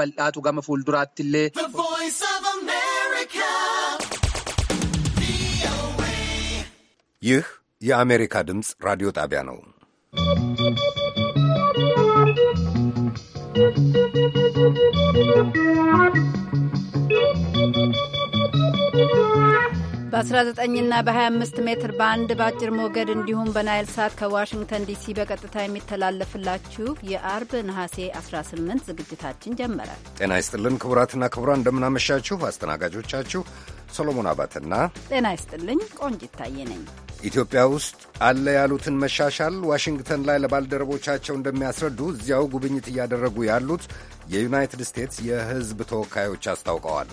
bal'aatu gama fuulduraatti illee. ይህ የአሜሪካ ድምፅ ራዲዮ ጣቢያ ነው። በ19ና በ25 ሜትር ባንድ በአጭር ሞገድ እንዲሁም በናይል ሳት ከዋሽንግተን ዲሲ በቀጥታ የሚተላለፍላችሁ የአርብ ነሐሴ 18 ዝግጅታችን ጀመረ። ጤና ይስጥልን ክቡራትና ክቡራን፣ እንደምናመሻችሁ። አስተናጋጆቻችሁ ሰሎሞን አባትና ጤና ይስጥልኝ ቆንጅ ይታየ ነኝ። ኢትዮጵያ ውስጥ አለ ያሉትን መሻሻል ዋሽንግተን ላይ ለባልደረቦቻቸው እንደሚያስረዱ እዚያው ጉብኝት እያደረጉ ያሉት የዩናይትድ ስቴትስ የሕዝብ ተወካዮች አስታውቀዋል።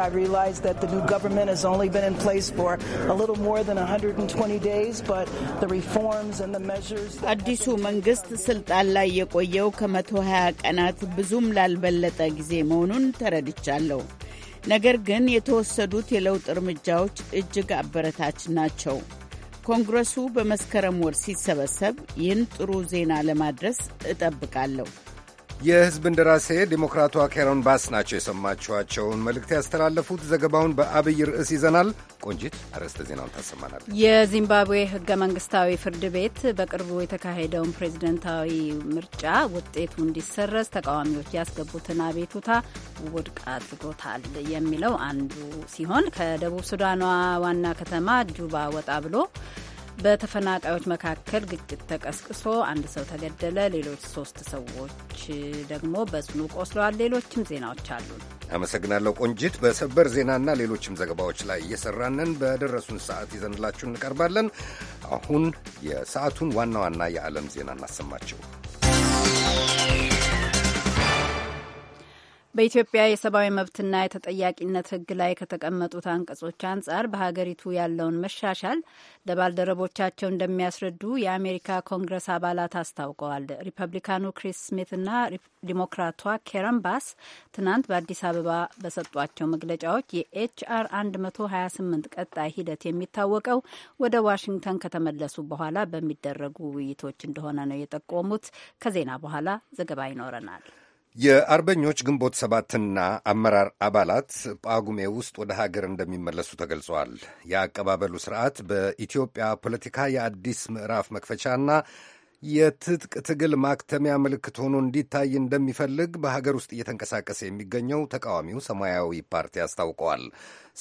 I realize that the new government has only been in place for a little more than 120 days, but the reforms and the measures. አዲሱ መንግስት ስልጣን ላይ የቆየው ከ 20 ቀናት ብዙም ላልበለጠ ጊዜ መሆኑን ተረድቻለሁ። ነገር ግን የተወሰዱት የለውጥ እርምጃዎች እጅግ አበረታች ናቸው። ኮንግረሱ በመስከረም ወር ሲሰበሰብ ይህን ጥሩ ዜና ለማድረስ እጠብቃለሁ። የህዝብ እንደራሴ ዴሞክራቷ ካሮን ባስ ናቸው የሰማችኋቸውን መልእክት ያስተላለፉት። ዘገባውን በአብይ ርዕስ ይዘናል። ቆንጂት አርዕስተ ዜናውን ታሰማናል። የዚምባብዌ ህገ መንግስታዊ ፍርድ ቤት በቅርቡ የተካሄደውን ፕሬዝደንታዊ ምርጫ ውጤቱ እንዲሰረዝ ተቃዋሚዎች ያስገቡትን አቤቱታ ውድቅ አድርጎታል የሚለው አንዱ ሲሆን ከደቡብ ሱዳኗ ዋና ከተማ ጁባ ወጣ ብሎ በተፈናቃዮች መካከል ግጭት ተቀስቅሶ አንድ ሰው ተገደለ፣ ሌሎች ሶስት ሰዎች ደግሞ በጽኑ ቆስለዋል። ሌሎችም ዜናዎች አሉ። አመሰግናለሁ ቆንጂት። በሰበር ዜናና ሌሎችም ዘገባዎች ላይ እየሰራንን በደረሱን ሰዓት ይዘንላችሁ እንቀርባለን። አሁን የሰዓቱን ዋና ዋና የዓለም ዜና እናሰማችሁ። በኢትዮጵያ የሰብአዊ መብትና የተጠያቂነት ሕግ ላይ ከተቀመጡት አንቀጾች አንጻር በሀገሪቱ ያለውን መሻሻል ለባልደረቦቻቸው እንደሚያስረዱ የአሜሪካ ኮንግረስ አባላት አስታውቀዋል። ሪፐብሊካኑ ክሪስ ስሚትና ዲሞክራቷ ኬረን ባስ ትናንት በአዲስ አበባ በሰጧቸው መግለጫዎች የኤችአር 128 ቀጣይ ሂደት የሚታወቀው ወደ ዋሽንግተን ከተመለሱ በኋላ በሚደረጉ ውይይቶች እንደሆነ ነው የጠቆሙት። ከዜና በኋላ ዘገባ ይኖረናል። የአርበኞች ግንቦት ሰባትና አመራር አባላት ጳጉሜ ውስጥ ወደ ሀገር እንደሚመለሱ ተገልጿል። የአቀባበሉ ስርዓት በኢትዮጵያ ፖለቲካ የአዲስ ምዕራፍ መክፈቻና የትጥቅ ትግል ማክተሚያ ምልክት ሆኖ እንዲታይ እንደሚፈልግ በሀገር ውስጥ እየተንቀሳቀሰ የሚገኘው ተቃዋሚው ሰማያዊ ፓርቲ አስታውቀዋል።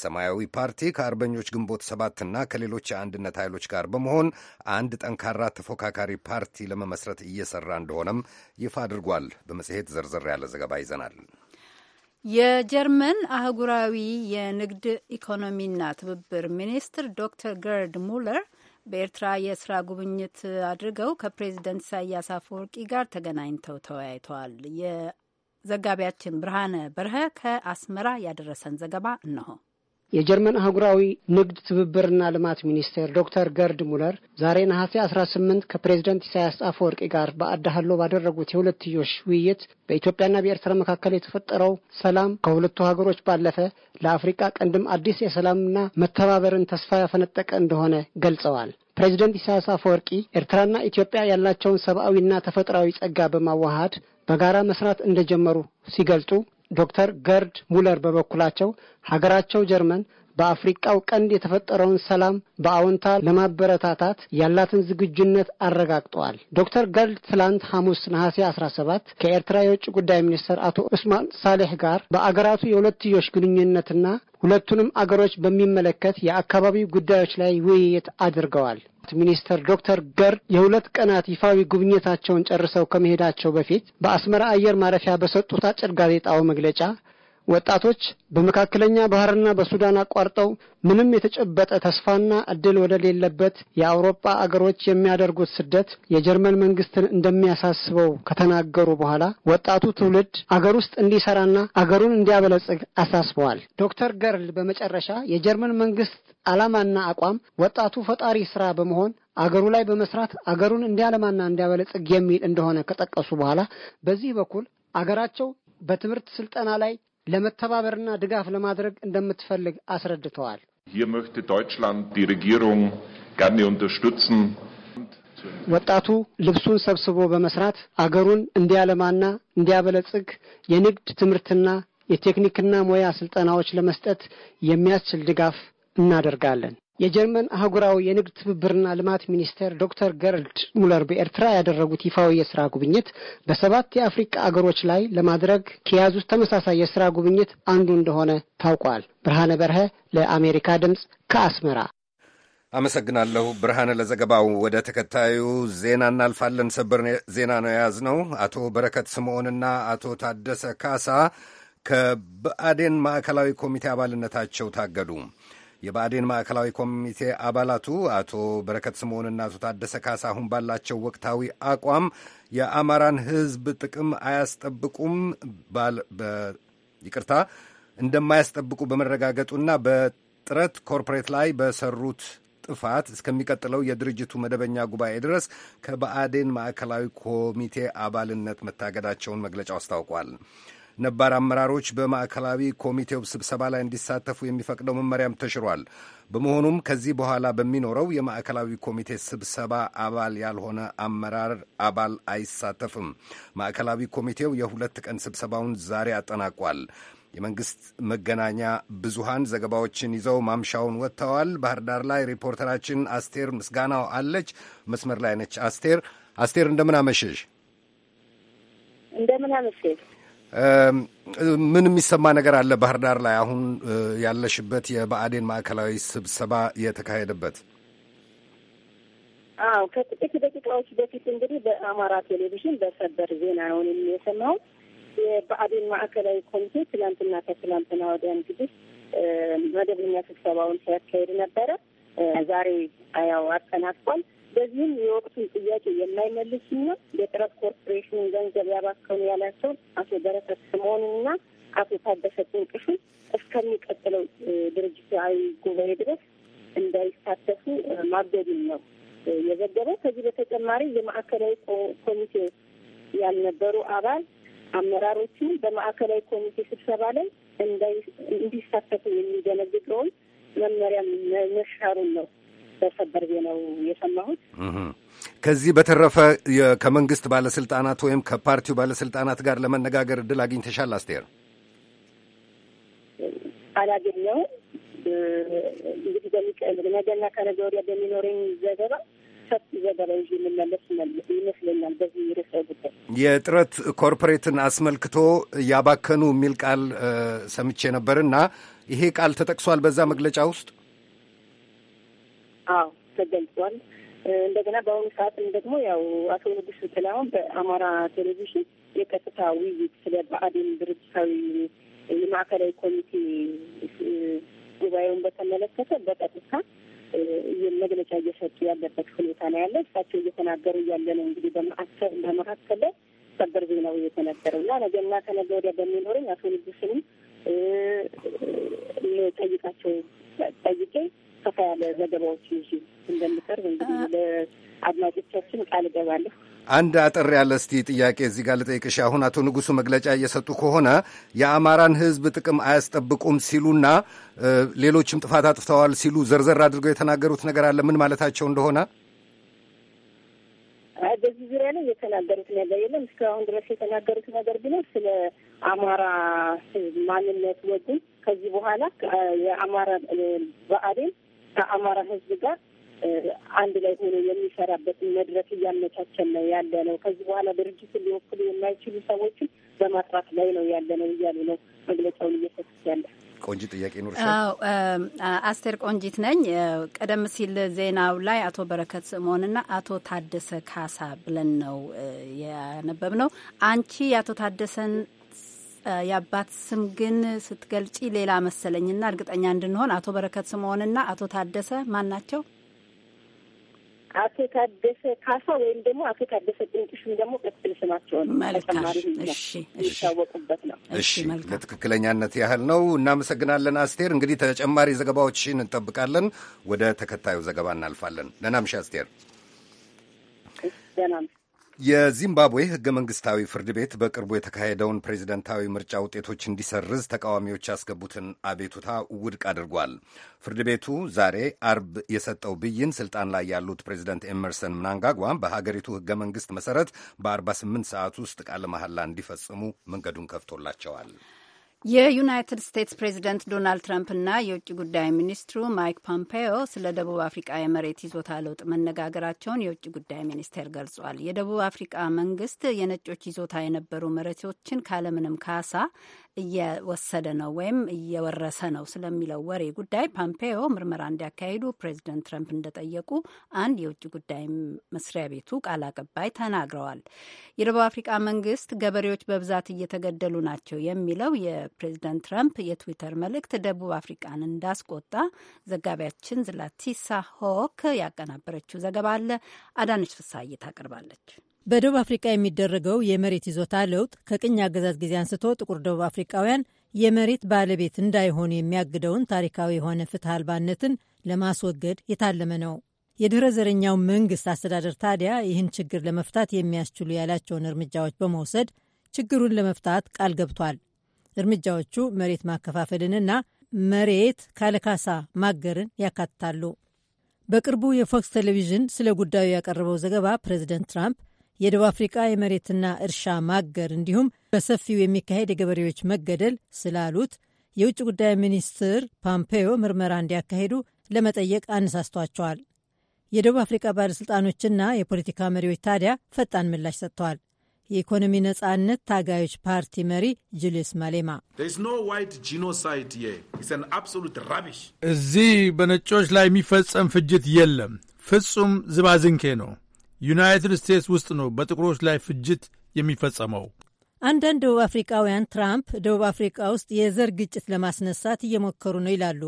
ሰማያዊ ፓርቲ ከአርበኞች ግንቦት ሰባትና ከሌሎች የአንድነት ኃይሎች ጋር በመሆን አንድ ጠንካራ ተፎካካሪ ፓርቲ ለመመስረት እየሰራ እንደሆነም ይፋ አድርጓል። በመጽሔት ዘርዘር ያለ ዘገባ ይዘናል። የጀርመን አህጉራዊ የንግድ ኢኮኖሚና ትብብር ሚኒስትር ዶክተር ገርድ ሙለር በኤርትራ የስራ ጉብኝት አድርገው ከፕሬዚደንት ኢሳያስ አፈወርቂ ጋር ተገናኝተው ተወያይተዋል። የዘጋቢያችን ብርሃነ በርሀ ከአስመራ ያደረሰን ዘገባ እነሆ። የጀርመን አህጉራዊ ንግድ ትብብርና ልማት ሚኒስቴር ዶክተር ገርድ ሙለር ዛሬ ነሐሴ 18 ከፕሬዝደንት ኢሳያስ አፈወርቂ ጋር በአዳሃሎ ባደረጉት የሁለትዮሽ ውይይት በኢትዮጵያና በኤርትራ መካከል የተፈጠረው ሰላም ከሁለቱ ሀገሮች ባለፈ ለአፍሪቃ ቀንድም አዲስ የሰላምና መተባበርን ተስፋ ያፈነጠቀ እንደሆነ ገልጸዋል። ፕሬዝደንት ኢሳያስ አፈወርቂ ኤርትራና ኢትዮጵያ ያላቸውን ሰብአዊና ተፈጥሯዊ ጸጋ በማዋሃድ በጋራ መስራት እንደጀመሩ ሲገልጹ ዶክተር ገርድ ሙለር በበኩላቸው ሀገራቸው ጀርመን በአፍሪቃው ቀንድ የተፈጠረውን ሰላም በአዎንታ ለማበረታታት ያላትን ዝግጁነት አረጋግጠዋል። ዶክተር ገርድ ትላንት ሐሙስ ነሐሴ 17 ከኤርትራ የውጭ ጉዳይ ሚኒስትር አቶ ዑስማን ሳሌሕ ጋር በአገራቱ የሁለትዮሽ ግንኙነትና ሁለቱንም አገሮች በሚመለከት የአካባቢው ጉዳዮች ላይ ውይይት አድርገዋል። ትምህርት ሚኒስትር ዶክተር ገርድ የሁለት ቀናት ይፋዊ ጉብኝታቸውን ጨርሰው ከመሄዳቸው በፊት በአስመራ አየር ማረፊያ በሰጡት አጭር ጋዜጣዊ መግለጫ ወጣቶች በመካከለኛ ባህርና በሱዳን አቋርጠው ምንም የተጨበጠ ተስፋና እድል ወደሌለበት የአውሮፓ አገሮች የሚያደርጉት ስደት የጀርመን መንግስትን እንደሚያሳስበው ከተናገሩ በኋላ ወጣቱ ትውልድ አገር ውስጥ እንዲሰራና አገሩን እንዲያበለጽግ አሳስበዋል። ዶክተር ገርል በመጨረሻ የጀርመን መንግስት ዓላማና አቋም ወጣቱ ፈጣሪ ስራ በመሆን አገሩ ላይ በመስራት አገሩን እንዲያለማና እንዲያበለጽግ የሚል እንደሆነ ከጠቀሱ በኋላ በዚህ በኩል አገራቸው በትምህርት ስልጠና ላይ ለመተባበርና ድጋፍ ለማድረግ እንደምትፈልግ አስረድተዋል። Hier möchte Deutschland die Regierung gerne unterstützen. ወጣቱ ልብሱን ሰብስቦ በመስራት አገሩን እንዲያለማና እንዲያበለጽግ የንግድ ትምህርትና የቴክኒክና ሙያ ስልጠናዎች ለመስጠት የሚያስችል ድጋፍ እናደርጋለን። የጀርመን አህጉራዊ የንግድ ትብብርና ልማት ሚኒስቴር ዶክተር ገርልድ ሙለር በኤርትራ ያደረጉት ይፋዊ የስራ ጉብኝት በሰባት የአፍሪካ አገሮች ላይ ለማድረግ ከያዙት ተመሳሳይ የስራ ጉብኝት አንዱ እንደሆነ ታውቋል። ብርሃነ በርሀ ለአሜሪካ ድምፅ ከአስመራ አመሰግናለሁ። ብርሃነ ለዘገባው። ወደ ተከታዩ ዜና እናልፋለን። ሰበር ዜና ነው የያዝነው። አቶ በረከት ስምዖንና አቶ ታደሰ ካሳ ከባዕዴን ማዕከላዊ ኮሚቴ አባልነታቸው ታገዱ። የብአዴን ማዕከላዊ ኮሚቴ አባላቱ አቶ በረከት ስምዖንና አቶ ታደሰ ካሳ አሁን ባላቸው ወቅታዊ አቋም የአማራን ሕዝብ ጥቅም አያስጠብቁም ይቅርታ እንደማያስጠብቁ በመረጋገጡና በጥረት ኮርፖሬት ላይ በሰሩት ጥፋት እስከሚቀጥለው የድርጅቱ መደበኛ ጉባኤ ድረስ ከብአዴን ማዕከላዊ ኮሚቴ አባልነት መታገዳቸውን መግለጫው አስታውቋል። ነባር አመራሮች በማዕከላዊ ኮሚቴው ስብሰባ ላይ እንዲሳተፉ የሚፈቅደው መመሪያም ተሽሯል። በመሆኑም ከዚህ በኋላ በሚኖረው የማዕከላዊ ኮሚቴ ስብሰባ አባል ያልሆነ አመራር አባል አይሳተፍም። ማዕከላዊ ኮሚቴው የሁለት ቀን ስብሰባውን ዛሬ አጠናቋል። የመንግስት መገናኛ ብዙሃን ዘገባዎችን ይዘው ማምሻውን ወጥተዋል። ባህር ዳር ላይ ሪፖርተራችን አስቴር ምስጋናው አለች፣ መስመር ላይ ነች። አስቴር አስቴር፣ እንደምን አመሸሽ? እንደምን አመሸሽ? ምን የሚሰማ ነገር አለ? ባህር ዳር ላይ አሁን ያለሽበት የብአዴን ማዕከላዊ ስብሰባ የተካሄደበት። አዎ ከጥቂት ደቂቃዎች በፊት እንግዲህ በአማራ ቴሌቪዥን በሰበር ዜና ነው የሰማው። የብአዴን ማዕከላዊ ኮሚቴ ትላንትና ከትላንትና ወዲያ እንግዲህ መደበኛ ስብሰባውን ሲያካሄድ ነበረ። ዛሬ ያው አጠናቋል። በዚህም የወቅቱን ጥያቄ የማይመልሱና የጥረት ኮርፖሬሽኑን ገንዘብ ያባከኑ ያላቸው አቶ በረከት ስምኦንና አቶ ታደሰ ጥንቅሹን እስከሚቀጥለው ድርጅታዊ ጉባኤ ድረስ እንዳይሳተፉ ማገዱን ነው የዘገበው። ከዚህ በተጨማሪ የማዕከላዊ ኮሚቴ ያልነበሩ አባል አመራሮችን በማዕከላዊ ኮሚቴ ስብሰባ ላይ እንዲሳተፉ የሚደነግገውን መመሪያ መሻሩን ነው በሰበር ነው የሰማሁት። ከዚህ በተረፈ ከመንግስት ባለስልጣናት ወይም ከፓርቲው ባለስልጣናት ጋር ለመነጋገር እድል አግኝተሻል አስቴር? አላገኘው። እንግዲህ በሚቀል ነገና ከነገ ወዲያ በሚኖረኝ ዘገባ ሰፊ ዘገባ ይዤ የምመለስ ይመስለኛል። በዚህ ርዕሰ ጉዳይ የጥረት ኮርፖሬትን አስመልክቶ ያባከኑ የሚል ቃል ሰምቼ ነበር እና ይሄ ቃል ተጠቅሷል በዛ መግለጫ ውስጥ አዎ ተገልጿል። እንደገና በአሁኑ ሰዓትም ደግሞ ያው አቶ ንጉስ ጥላሁን በአማራ ቴሌቪዥን የቀጥታ ውይይት ስለ ብአዴን ድርጅታዊ የማዕከላዊ ኮሚቴ ጉባኤውን በተመለከተ በቀጥታ መግለጫ እየሰጡ ያለበት ሁኔታ ነው ያለ። እሳቸው እየተናገሩ ያለ ነው እንግዲህ በመካከል በመካከል ላይ ሰበር ዜናው እየተነገረው እና ነገና ከነገ ወዲያ በሚኖረኝ አቶ ንጉስንም ጠይቃቸው ጠይቄ ሰፋ ያለ ዘገባዎች ይዤ እንደምቀርብ እንግዲህ ለአድማጮቻችን ቃል እገባለሁ። አንድ አጠር ያለ እስቲ ጥያቄ እዚህ ጋር ልጠይቅሽ። አሁን አቶ ንጉሱ መግለጫ እየሰጡ ከሆነ የአማራን ሕዝብ ጥቅም አያስጠብቁም ሲሉና ሌሎችም ጥፋት አጥፍተዋል ሲሉ ዘርዘር አድርገው የተናገሩት ነገር አለ። ምን ማለታቸው እንደሆነ በዚህ ዙሪያ ላይ የተናገሩት ነገር የለም። እስካሁን ድረስ የተናገሩት ነገር ቢኖር ስለ አማራ ሕዝብ ማንነት ወጉን ከዚህ በኋላ የአማራ በአዴን ከአማራ ህዝብ ጋር አንድ ላይ ሆኖ የሚሰራበትን መድረክ እያመቻቸን ነው ያለ ነው። ከዚህ በኋላ ድርጅት ሊወክሉ የማይችሉ ሰዎችን በማጥራት ላይ ነው ያለ ነው እያሉ ነው መግለጫውን እየሰጡት ያለ። ቆንጂት ጥያቄ ኖር አስቴር ቆንጂት ነኝ። ቀደም ሲል ዜናው ላይ አቶ በረከት ስምኦንና አቶ ታደሰ ካሳ ብለን ነው ያነበብ ነው። አንቺ የአቶ ታደሰን የአባት ስም ግን ስትገልጪ ሌላ መሰለኝና እርግጠኛ እንድንሆን አቶ በረከት ስምኦንና አቶ ታደሰ ማን ናቸው? አቶ ታደሰ ካሳ ወይም ደግሞ አቶ ታደሰ ድንቅሽም ደግሞ ቅጽል ነው። ለትክክለኛነት ያህል ነው። እናመሰግናለን አስቴር። እንግዲህ ተጨማሪ ዘገባዎችን እንጠብቃለን። ወደ ተከታዩ ዘገባ እናልፋለን። ደህና ምሽ አስቴር። ደህና ምሽ የዚምባብዌ ህገ መንግስታዊ ፍርድ ቤት በቅርቡ የተካሄደውን ፕሬዚደንታዊ ምርጫ ውጤቶች እንዲሰርዝ ተቃዋሚዎች ያስገቡትን አቤቱታ ውድቅ አድርጓል። ፍርድ ቤቱ ዛሬ አርብ የሰጠው ብይን ስልጣን ላይ ያሉት ፕሬዚደንት ኤመርሰን ምናንጋጓ በሀገሪቱ ህገ መንግስት መሰረት በ48 ሰዓት ውስጥ ቃለ መሐላ እንዲፈጽሙ መንገዱን ከፍቶላቸዋል። የዩናይትድ ስቴትስ ፕሬዚደንት ዶናልድ ትራምፕና የውጭ ጉዳይ ሚኒስትሩ ማይክ ፖምፔዮ ስለ ደቡብ አፍሪቃ የመሬት ይዞታ ለውጥ መነጋገራቸውን የውጭ ጉዳይ ሚኒስቴር ገልጿል። የደቡብ አፍሪቃ መንግስት የነጮች ይዞታ የነበሩ መሬቶችን ካለምንም ካሳ እየወሰደ ነው ወይም እየወረሰ ነው ስለሚለው ወሬ ጉዳይ ፓምፔዮ ምርመራ እንዲያካሂዱ ፕሬዚደንት ትረምፕ እንደጠየቁ አንድ የውጭ ጉዳይ መስሪያ ቤቱ ቃል አቀባይ ተናግረዋል። የደቡብ አፍሪካ መንግስት ገበሬዎች በብዛት እየተገደሉ ናቸው የሚለው የፕሬዚደንት ትረምፕ የትዊተር መልእክት ደቡብ አፍሪቃን እንዳስቆጣ ዘጋቢያችን ዝላቲሳ ሆክ ያቀናበረችው ዘገባ አለ። አዳነች ፍሳይ ታቀርባለች። በደቡብ አፍሪካ የሚደረገው የመሬት ይዞታ ለውጥ ከቅኝ አገዛዝ ጊዜ አንስቶ ጥቁር ደቡብ አፍሪካውያን የመሬት ባለቤት እንዳይሆኑ የሚያግደውን ታሪካዊ የሆነ ፍትህ አልባነትን ለማስወገድ የታለመ ነው። የድህረ ዘረኛው መንግስት አስተዳደር ታዲያ ይህን ችግር ለመፍታት የሚያስችሉ ያላቸውን እርምጃዎች በመውሰድ ችግሩን ለመፍታት ቃል ገብቷል። እርምጃዎቹ መሬት ማከፋፈልንና መሬት ካለካሳ ማገርን ያካትታሉ። በቅርቡ የፎክስ ቴሌቪዥን ስለ ጉዳዩ ያቀረበው ዘገባ ፕሬዚደንት ትራምፕ የደቡብ አፍሪቃ የመሬትና እርሻ ማገር እንዲሁም በሰፊው የሚካሄድ የገበሬዎች መገደል ስላሉት የውጭ ጉዳይ ሚኒስትር ፖምፔዮ ምርመራ እንዲያካሄዱ ለመጠየቅ አነሳስቷቸዋል። የደቡብ አፍሪካ ባለሥልጣኖችና የፖለቲካ መሪዎች ታዲያ ፈጣን ምላሽ ሰጥተዋል። የኢኮኖሚ ነጻነት ታጋዮች ፓርቲ መሪ ጁልስ ማሌማ እዚህ በነጮች ላይ የሚፈጸም ፍጅት የለም፣ ፍጹም ዝባዝንኬ ነው ዩናይትድ ስቴትስ ውስጥ ነው በጥቁሮች ላይ ፍጅት የሚፈጸመው። አንዳንድ ደቡብ አፍሪካውያን ትራምፕ ደቡብ አፍሪካ ውስጥ የዘር ግጭት ለማስነሳት እየሞከሩ ነው ይላሉ።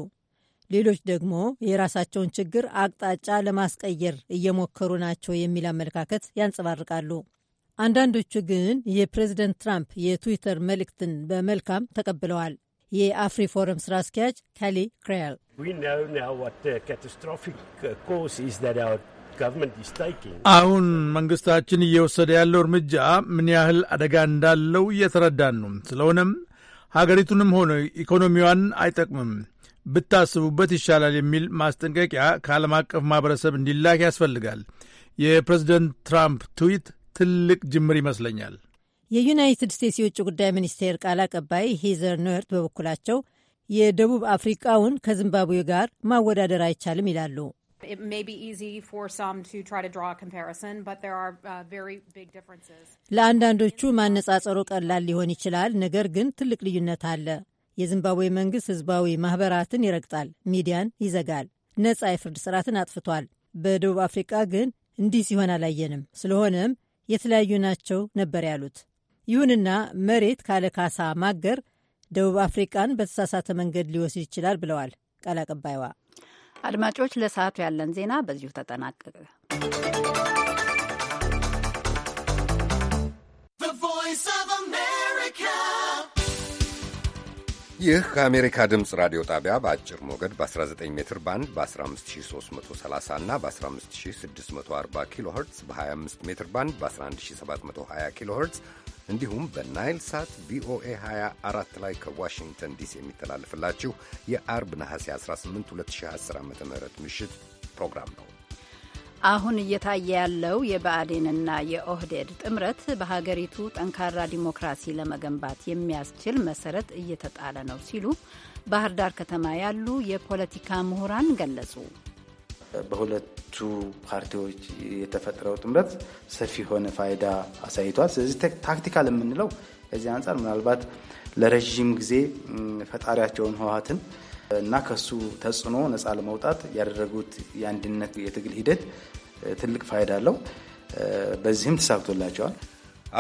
ሌሎች ደግሞ የራሳቸውን ችግር አቅጣጫ ለማስቀየር እየሞከሩ ናቸው የሚል አመለካከት ያንጸባርቃሉ። አንዳንዶቹ ግን የፕሬዝደንት ትራምፕ የትዊተር መልእክትን በመልካም ተቀብለዋል። የአፍሪ ፎረም ስራ አስኪያጅ ካሊ ክራያል አሁን መንግስታችን እየወሰደ ያለው እርምጃ ምን ያህል አደጋ እንዳለው እየተረዳን ነው። ስለሆነም ሀገሪቱንም ሆነ ኢኮኖሚዋን አይጠቅምም፣ ብታስቡበት ይሻላል የሚል ማስጠንቀቂያ ከዓለም አቀፍ ማህበረሰብ እንዲላክ ያስፈልጋል። የፕሬዝደንት ትራምፕ ትዊት ትልቅ ጅምር ይመስለኛል። የዩናይትድ ስቴትስ የውጭ ጉዳይ ሚኒስቴር ቃል አቀባይ ሂዘር ኖርት በበኩላቸው የደቡብ አፍሪቃውን ከዚምባብዌ ጋር ማወዳደር አይቻልም ይላሉ። ለአንዳንዶቹ ማነጻጸሩ ቀላል ሊሆን ይችላል፣ ነገር ግን ትልቅ ልዩነት አለ። የዚምባብዌ መንግስት ህዝባዊ ማህበራትን ይረግጣል፣ ሚዲያን ይዘጋል፣ ነጻ የፍርድ ስርዓትን አጥፍቷል። በደቡብ አፍሪቃ ግን እንዲህ ሲሆን አላየንም። ስለሆነም የተለያዩ ናቸው ነበር ያሉት። ይሁንና መሬት ካለ ካሳ ማገር ደቡብ አፍሪቃን በተሳሳተ መንገድ ሊወስድ ይችላል ብለዋል ቃል አቀባይዋ። አድማጮች፣ ለሰዓቱ ያለን ዜና በዚሁ ተጠናቀቀ። ይህ ከአሜሪካ ድምፅ ራዲዮ ጣቢያ በአጭር ሞገድ በ19 ሜትር ባንድ በ15330 እና በ15640 ኪሎ ኸርትዝ በ25 ሜትር ባንድ በ11720 ኪሎ ኸርትዝ እንዲሁም በናይል ሳት ቪኦኤ 24 ላይ ከዋሽንግተን ዲሲ የሚተላለፍላችሁ የአርብ ነሐሴ 18 2010 ዓ ም ምሽት ፕሮግራም ነው። አሁን እየታየ ያለው የብአዴንና የኦህዴድ ጥምረት በሀገሪቱ ጠንካራ ዲሞክራሲ ለመገንባት የሚያስችል መሰረት እየተጣለ ነው ሲሉ ባህር ዳር ከተማ ያሉ የፖለቲካ ምሁራን ገለጹ። በሁለቱ ፓርቲዎች የተፈጠረው ጥምረት ሰፊ የሆነ ፋይዳ አሳይቷል። ስለዚህ ታክቲካል የምንለው ከዚህ አንጻር ምናልባት ለረዥም ጊዜ ፈጣሪያቸውን ህወሓትን እና ከሱ ተጽዕኖ ነፃ ለመውጣት ያደረጉት የአንድነት የትግል ሂደት ትልቅ ፋይዳ አለው። በዚህም ተሳክቶላቸዋል።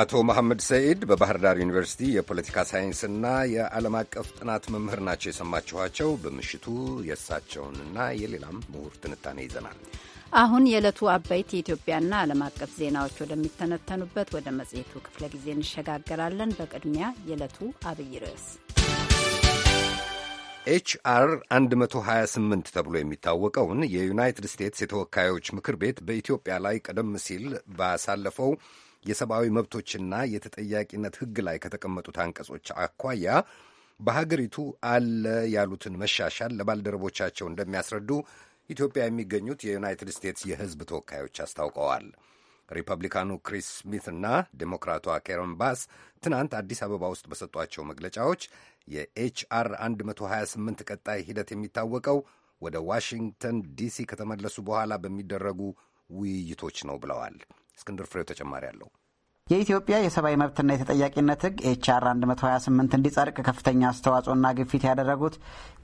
አቶ መሐመድ ሰኢድ በባህር ዳር ዩኒቨርሲቲ የፖለቲካ ሳይንስና የዓለም አቀፍ ጥናት መምህር ናቸው የሰማችኋቸው። በምሽቱ የእሳቸውንና የሌላም ምሁር ትንታኔ ይዘናል። አሁን የዕለቱ አበይት የኢትዮጵያና ዓለም አቀፍ ዜናዎች ወደሚተነተኑበት ወደ መጽሔቱ ክፍለ ጊዜ እንሸጋገራለን። በቅድሚያ የዕለቱ አብይ ርዕስ ኤችአር 128 ተብሎ የሚታወቀውን የዩናይትድ ስቴትስ የተወካዮች ምክር ቤት በኢትዮጵያ ላይ ቀደም ሲል ባሳለፈው የሰብአዊ መብቶችና የተጠያቂነት ሕግ ላይ ከተቀመጡት አንቀጾች አኳያ በሀገሪቱ አለ ያሉትን መሻሻል ለባልደረቦቻቸው እንደሚያስረዱ ኢትዮጵያ የሚገኙት የዩናይትድ ስቴትስ የሕዝብ ተወካዮች አስታውቀዋል። ሪፐብሊካኑ ክሪስ ስሚት እና ዴሞክራቷ ኬረን ባስ ትናንት አዲስ አበባ ውስጥ በሰጧቸው መግለጫዎች የኤችአር 128 ቀጣይ ሂደት የሚታወቀው ወደ ዋሽንግተን ዲሲ ከተመለሱ በኋላ በሚደረጉ ውይይቶች ነው ብለዋል። እስክንድር ፍሬው ተጨማሪ አለው። የኢትዮጵያ የሰብአዊ መብትና የተጠያቂነት ህግ ኤችአር 128 እንዲጸድቅ ከፍተኛ አስተዋጽኦና ግፊት ያደረጉት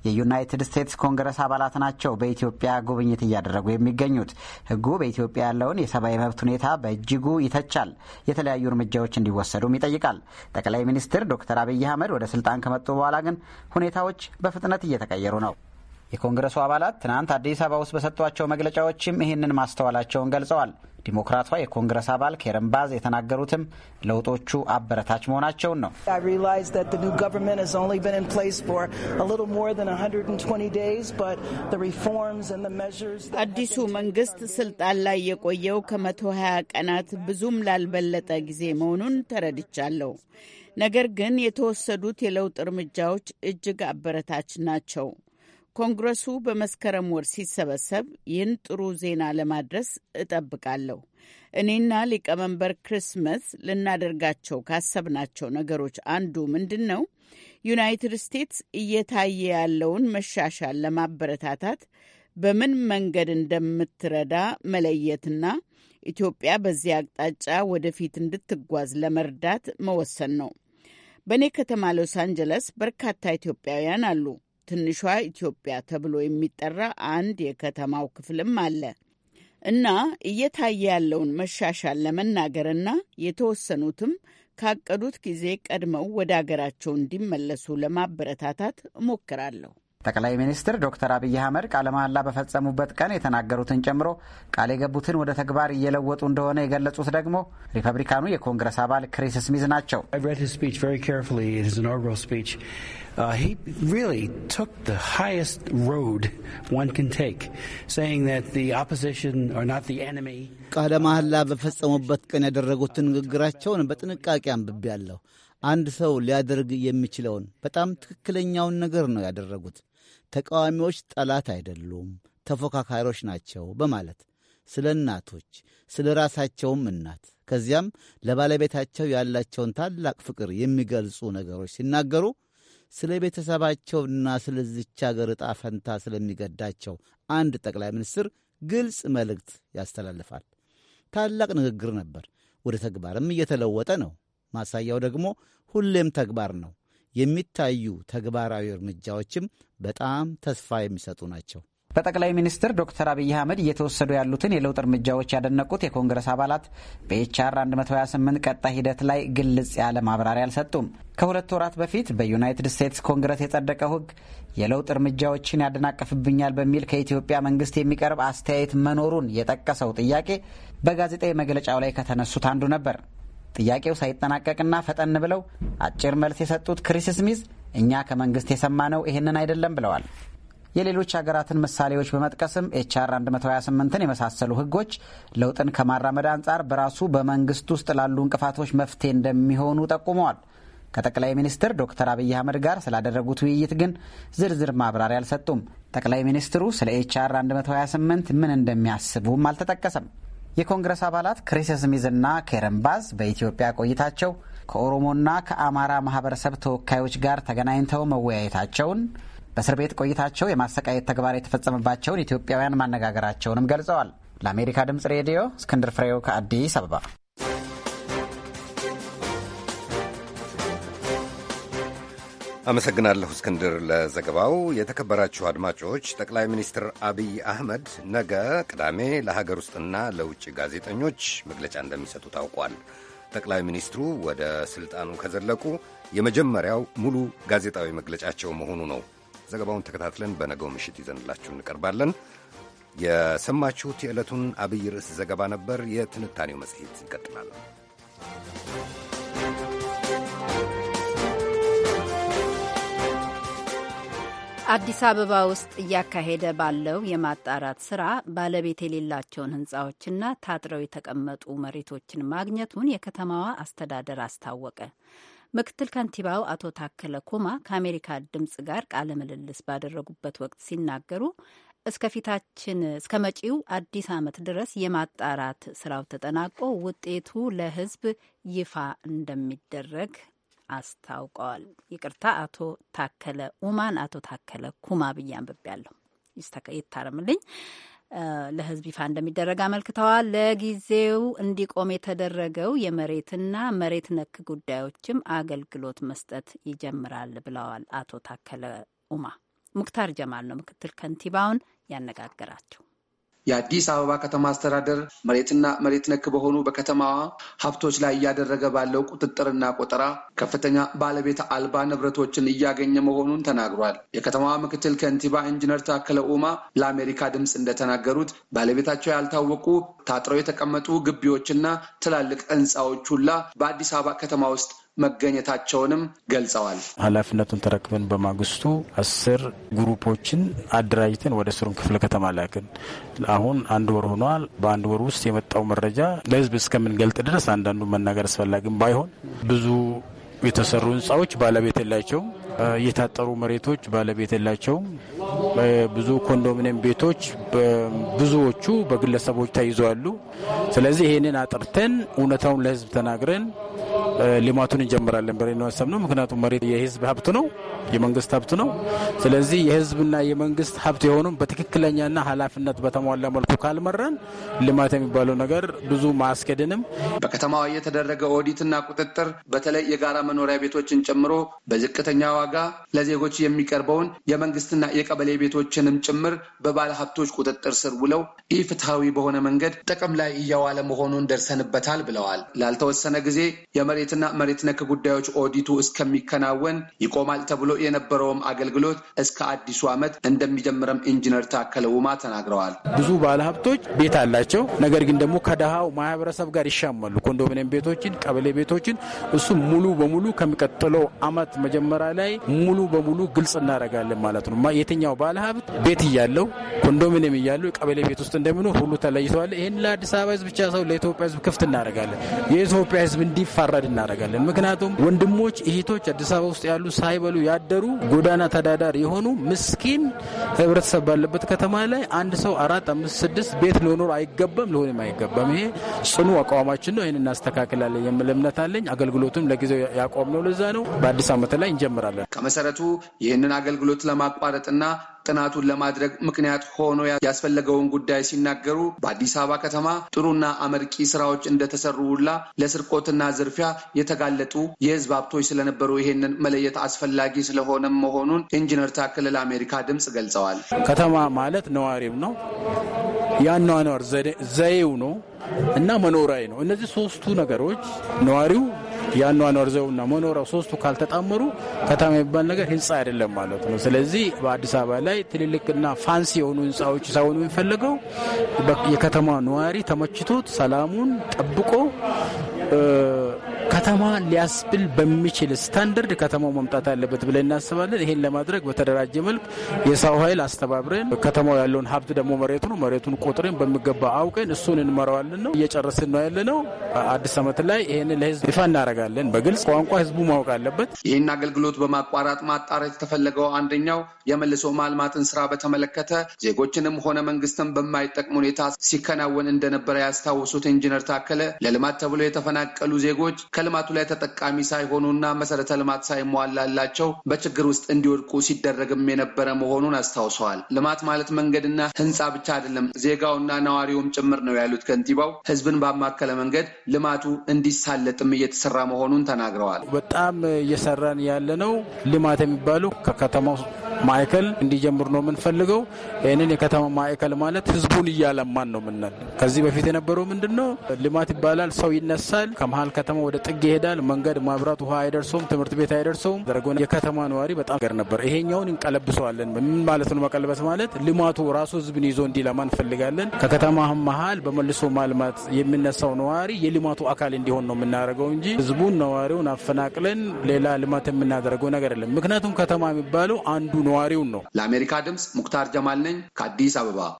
የዩናይትድ ስቴትስ ኮንግረስ አባላት ናቸው በኢትዮጵያ ጉብኝት እያደረጉ የሚገኙት። ህጉ በኢትዮጵያ ያለውን የሰብአዊ መብት ሁኔታ በእጅጉ ይተቻል፣ የተለያዩ እርምጃዎች እንዲወሰዱም ይጠይቃል። ጠቅላይ ሚኒስትር ዶክተር አብይ አህመድ ወደ ስልጣን ከመጡ በኋላ ግን ሁኔታዎች በፍጥነት እየተቀየሩ ነው። የኮንግረሱ አባላት ትናንት አዲስ አበባ ውስጥ በሰጧቸው መግለጫዎችም ይህንን ማስተዋላቸውን ገልጸዋል። ዲሞክራቷ የኮንግረስ አባል ኬረን ባዝ የተናገሩትም ለውጦቹ አበረታች መሆናቸውን ነው። አዲሱ መንግስት ስልጣን ላይ የቆየው ከመቶ 120 ቀናት ብዙም ላልበለጠ ጊዜ መሆኑን ተረድቻለሁ። ነገር ግን የተወሰዱት የለውጥ እርምጃዎች እጅግ አበረታች ናቸው። ኮንግረሱ በመስከረም ወር ሲሰበሰብ ይህን ጥሩ ዜና ለማድረስ እጠብቃለሁ። እኔና ሊቀመንበር ክርስመስ ልናደርጋቸው ካሰብናቸው ነገሮች አንዱ ምንድን ነው? ዩናይትድ ስቴትስ እየታየ ያለውን መሻሻል ለማበረታታት በምን መንገድ እንደምትረዳ መለየትና ኢትዮጵያ በዚህ አቅጣጫ ወደፊት እንድትጓዝ ለመርዳት መወሰን ነው። በእኔ ከተማ ሎስ አንጀለስ በርካታ ኢትዮጵያውያን አሉ። ትንሿ ኢትዮጵያ ተብሎ የሚጠራ አንድ የከተማው ክፍልም አለ እና እየታየ ያለውን መሻሻል ለመናገርና የተወሰኑትም ካቀዱት ጊዜ ቀድመው ወደ አገራቸው እንዲመለሱ ለማበረታታት እሞክራለሁ። ጠቅላይ ሚኒስትር ዶክተር አብይ አህመድ ቃለ መሐላ በፈጸሙበት ቀን የተናገሩትን ጨምሮ ቃል የገቡትን ወደ ተግባር እየለወጡ እንደሆነ የገለጹት ደግሞ ሪፐብሊካኑ የኮንግረስ አባል ክሪስ ስሚዝ ናቸው። ቃለ መሐላ በፈጸሙበት ቀን ያደረጉትን ንግግራቸውን በጥንቃቄ አንብቤያለሁ። አንድ ሰው ሊያደርግ የሚችለውን በጣም ትክክለኛውን ነገር ነው ያደረጉት። ተቃዋሚዎች ጠላት አይደሉም፣ ተፎካካሪዎች ናቸው በማለት ስለ እናቶች ስለ ራሳቸውም እናት ከዚያም ለባለቤታቸው ያላቸውን ታላቅ ፍቅር የሚገልጹ ነገሮች ሲናገሩ ስለ ቤተሰባቸውና ስለዚች አገር ዕጣ ፈንታ ስለሚገዳቸው አንድ ጠቅላይ ሚኒስትር ግልጽ መልእክት ያስተላልፋል። ታላቅ ንግግር ነበር፣ ወደ ተግባርም እየተለወጠ ነው። ማሳያው ደግሞ ሁሌም ተግባር ነው። የሚታዩ ተግባራዊ እርምጃዎችም በጣም ተስፋ የሚሰጡ ናቸው። በጠቅላይ ሚኒስትር ዶክተር አብይ አህመድ እየተወሰዱ ያሉትን የለውጥ እርምጃዎች ያደነቁት የኮንግረስ አባላት በኤችአር 128 ቀጣይ ሂደት ላይ ግልጽ ያለ ማብራሪያ አልሰጡም። ከሁለት ወራት በፊት በዩናይትድ ስቴትስ ኮንግረስ የጸደቀው ሕግ የለውጥ እርምጃዎችን ያደናቀፍብኛል በሚል ከኢትዮጵያ መንግስት የሚቀርብ አስተያየት መኖሩን የጠቀሰው ጥያቄ በጋዜጣዊ መግለጫው ላይ ከተነሱት አንዱ ነበር። ጥያቄው ሳይጠናቀቅና ፈጠን ብለው አጭር መልስ የሰጡት ክሪስ ስሚዝ እኛ ከመንግስት የሰማነው ይህንን አይደለም ብለዋል። የሌሎች ሀገራትን ምሳሌዎች በመጥቀስም ኤችአር 128ን የመሳሰሉ ህጎች ለውጥን ከማራመድ አንጻር በራሱ በመንግስት ውስጥ ላሉ እንቅፋቶች መፍትሄ እንደሚሆኑ ጠቁመዋል። ከጠቅላይ ሚኒስትር ዶክተር አብይ አህመድ ጋር ስላደረጉት ውይይት ግን ዝርዝር ማብራሪያ አልሰጡም። ጠቅላይ ሚኒስትሩ ስለ ኤችአር 128 ምን እንደሚያስቡም አልተጠቀሰም። የኮንግረስ አባላት ክሪስ ስሚዝና ኬረን ባዝ በኢትዮጵያ ቆይታቸው ከኦሮሞና ከአማራ ማህበረሰብ ተወካዮች ጋር ተገናኝተው መወያየታቸውን በእስር ቤት ቆይታቸው የማሰቃየት ተግባር የተፈጸመባቸውን ኢትዮጵያውያን ማነጋገራቸውንም ገልጸዋል። ለአሜሪካ ድምፅ ሬዲዮ እስክንድር ፍሬው ከአዲስ አበባ አመሰግናለሁ እስክንድር ለዘገባው። የተከበራችሁ አድማጮች፣ ጠቅላይ ሚኒስትር አብይ አህመድ ነገ ቅዳሜ ለሀገር ውስጥና ለውጭ ጋዜጠኞች መግለጫ እንደሚሰጡ ታውቋል። ጠቅላይ ሚኒስትሩ ወደ ስልጣኑ ከዘለቁ የመጀመሪያው ሙሉ ጋዜጣዊ መግለጫቸው መሆኑ ነው። ዘገባውን ተከታትለን በነገው ምሽት ይዘንላችሁ እንቀርባለን። የሰማችሁት የዕለቱን አብይ ርዕስ ዘገባ ነበር። የትንታኔው መጽሔት ይቀጥላል። አዲስ አበባ ውስጥ እያካሄደ ባለው የማጣራት ስራ ባለቤት የሌላቸውን ህንፃዎችና ታጥረው የተቀመጡ መሬቶችን ማግኘቱን የከተማዋ አስተዳደር አስታወቀ። ምክትል ከንቲባው አቶ ታከለ ኩማ ከአሜሪካ ድምፅ ጋር ቃለ ምልልስ ባደረጉበት ወቅት ሲናገሩ እስከፊታችን እስከ መጪው አዲስ ዓመት ድረስ የማጣራት ስራው ተጠናቆ ውጤቱ ለህዝብ ይፋ እንደሚደረግ አስታውቀዋል። ይቅርታ አቶ ታከለ ኡማን አቶ ታከለ ኩማ ብዬ አንብቤያለሁ። ይታረምልኝ። ለህዝብ ይፋ እንደሚደረግ አመልክተዋል። ለጊዜው እንዲቆም የተደረገው የመሬትና መሬት ነክ ጉዳዮችም አገልግሎት መስጠት ይጀምራል ብለዋል አቶ ታከለ ኡማ። ሙክታር ጀማል ነው ምክትል ከንቲባውን ያነጋገራቸው። የአዲስ አበባ ከተማ አስተዳደር መሬትና መሬት ነክ በሆኑ በከተማዋ ሀብቶች ላይ እያደረገ ባለው ቁጥጥርና ቆጠራ ከፍተኛ ባለቤት አልባ ንብረቶችን እያገኘ መሆኑን ተናግሯል። የከተማዋ ምክትል ከንቲባ ኢንጂነር ታከለ ኡማ ለአሜሪካ ድምፅ እንደተናገሩት ባለቤታቸው ያልታወቁ ታጥረው የተቀመጡ ግቢዎችና ትላልቅ ሕንፃዎች ሁላ በአዲስ አበባ ከተማ ውስጥ መገኘታቸውንም ገልጸዋል። ኃላፊነቱን ተረክበን በማግስቱ አስር ግሩፖችን አደራጅተን ወደ ስሩን ክፍለ ከተማ ላክን። አሁን አንድ ወር ሆኗል። በአንድ ወር ውስጥ የመጣው መረጃ ለህዝብ እስከምንገልጥ ድረስ አንዳንዱ መናገር አስፈላጊም ባይሆን ብዙ የተሰሩ ህንፃዎች ባለቤት የላቸውም። የታጠሩ መሬቶች ባለቤት የላቸውም። ብዙ ኮንዶሚኒየም ቤቶች ብዙዎቹ በግለሰቦች ተይዘዋሉ። ስለዚህ ይህንን አጥርተን እውነታውን ለህዝብ ተናግረን ልማቱን እንጀምራለን ብለን ነው ያሰብነው። ምክንያቱም መሬት የህዝብ ሀብት ነው፣ የመንግስት ሀብት ነው። ስለዚህ የህዝብና የመንግስት ሀብት የሆኑም በትክክለኛና ኃላፊነት በተሟላ መልኩ ካልመራን ልማት የሚባለው ነገር ብዙ ማስኬድንም በከተማዋ የተደረገ ኦዲትና ቁጥጥር በተለይ የጋራ መኖሪያ ቤቶችን ጨምሮ በዝቅተኛ ዋጋ ለዜጎች የሚቀርበውን የመንግስትና የቀበሌ ቤቶችንም ጭምር በባለ ሀብቶች ቁጥጥር ስር ውለው ኢፍትሐዊ በሆነ መንገድ ጥቅም ላይ እያዋለ መሆኑን ደርሰንበታል ብለዋል። ላልተወሰነ ጊዜ የመሬት መሬትና መሬት ነክ ጉዳዮች ኦዲቱ እስከሚከናወን ይቆማል ተብሎ የነበረውም አገልግሎት እስከ አዲሱ ዓመት እንደሚጀምረም ኢንጂነር ታከለ ውማ ተናግረዋል። ብዙ ባለሀብቶች ቤት አላቸው። ነገር ግን ደግሞ ከድሃው ማህበረሰብ ጋር ይሻመሉ ኮንዶሚኒየም ቤቶችን፣ ቀበሌ ቤቶችን እሱ ሙሉ በሙሉ ከሚቀጥለው ዓመት መጀመሪያ ላይ ሙሉ በሙሉ ግልጽ እናደርጋለን ማለት ነው። የትኛው ባለሀብት ቤት እያለው ኮንዶሚኒየም እያለው ቀበሌ ቤት ውስጥ እንደሚኖር ሁሉ ተለይተዋል። ይህን ለአዲስ አበባ ህዝብ ብቻ ሰው ለኢትዮጵያ ህዝብ ክፍት እናደርጋለን። የኢትዮጵያ ህዝብ እንዲፋረድ እናደርጋለን። ምክንያቱም ወንድሞች እህቶች አዲስ አበባ ውስጥ ያሉ ሳይበሉ ያደሩ ጎዳና ተዳዳሪ የሆኑ ምስኪን ህብረተሰብ ባለበት ከተማ ላይ አንድ ሰው አራት፣ አምስት፣ ስድስት ቤት ሊኖር አይገባም፣ ሊሆንም አይገባም። ይሄ ጽኑ አቋማችን ነው። ይህን እናስተካክላለን የሚል እምነት አለኝ። አገልግሎቱም ለጊዜው ነው። ለዛ ነው። በአዲስ ዓመት ላይ እንጀምራለን። ከመሰረቱ ይህንን አገልግሎት ለማቋረጥና ጥናቱን ለማድረግ ምክንያት ሆኖ ያስፈለገውን ጉዳይ ሲናገሩ በአዲስ አበባ ከተማ ጥሩና አመርቂ ስራዎች እንደተሰሩ ሁላ ለስርቆትና ዝርፊያ የተጋለጡ የህዝብ ሀብቶች ስለነበሩ ይሄንን መለየት አስፈላጊ ስለሆነ መሆኑን ኢንጂነር ታክል ለአሜሪካ ድምፅ ገልጸዋል። ከተማ ማለት ነዋሪም ነው የአኗኗር ዘይው ነው እና መኖሪያ ነው። እነዚህ ሶስቱ ነገሮች ነዋሪው የአኗኗር ዘውና መኖሪያው ሶስቱ ካልተጣመሩ ከተማ የሚባል ነገር ህንፃ አይደለም ማለት ነው። ስለዚህ በአዲስ አበባ ላይ ትልልቅና ፋንሲ የሆኑ ህንፃዎች ሳይሆኑ የሚፈለገው የከተማ ነዋሪ ተመችቶት ሰላሙን ጠብቆ ከተማ ሊያስብል በሚችል ስታንዳርድ ከተማው መምጣት አለበት ብለን እናስባለን። ይሄን ለማድረግ በተደራጀ መልክ የሰው ኃይል አስተባብረን ከተማው ያለውን ሀብት ደግሞ መሬቱ ነው። መሬቱን ቆጥረን በሚገባ አውቀን እሱን እንመራዋለን ነው እየጨረስን ነው ያለ ነው። አዲስ ዓመት ላይ ይህን ለህዝብ ይፋ እናደርጋለን። በግልጽ ቋንቋ ህዝቡ ማወቅ አለበት። ይህን አገልግሎት በማቋረጥ ማጣራት የተፈለገው አንደኛው የመልሶ ማልማትን ስራ በተመለከተ ዜጎችንም ሆነ መንግስትን በማይጠቅም ሁኔታ ሲከናወን እንደነበረ ያስታወሱት ኢንጂነር ታከለ ለልማት ተብሎ የተፈናቀሉ ዜጎች ከልማቱ ላይ ተጠቃሚ ሳይሆኑና መሰረተ ልማት ሳይሟላላቸው በችግር ውስጥ እንዲወድቁ ሲደረግም የነበረ መሆኑን አስታውሰዋል። ልማት ማለት መንገድና ህንፃ ብቻ አይደለም፣ ዜጋውና ነዋሪውም ጭምር ነው ያሉት ከንቲባው ህዝብን ባማከለ መንገድ ልማቱ እንዲሳለጥም እየተሰራ መሆኑን ተናግረዋል። በጣም እየሰራን ያለ ነው ልማት የሚባለው ከከተማው ማዕከል እንዲጀምር ነው የምንፈልገው። ይህንን የከተማ ማዕከል ማለት ህዝቡን እያለማን ነው ምናል ከዚህ በፊት የነበረው ምንድን ነው ልማት ይባላል። ሰው ይነሳል ከመሀል ከተማ ወደ ጥግ ይሄዳል። መንገድ፣ ማብራት ውሃ አይደርሰውም። ትምህርት ቤት አይደርሰውም። ደረጎን የከተማ ነዋሪ በጣም ገር ነበር። ይሄኛውን እንቀለብሰዋለን። ምን ማለት ነው? መቀልበስ ማለት ልማቱ ራሱ ህዝብን ይዞ እንዲለማ እንፈልጋለን። ከከተማ መሀል በመልሶ ማልማት የሚነሳው ነዋሪ የልማቱ አካል እንዲሆን ነው የምናደርገው እንጂ ህዝቡን ነዋሪውን አፈናቅለን ሌላ ልማት የምናደርገው ነገር የለም። ምክንያቱም ከተማ የሚባለው አንዱ ነዋሪውን ነው። ለአሜሪካ ድምፅ ሙክታር ጀማል ነኝ ከአዲስ አበባ።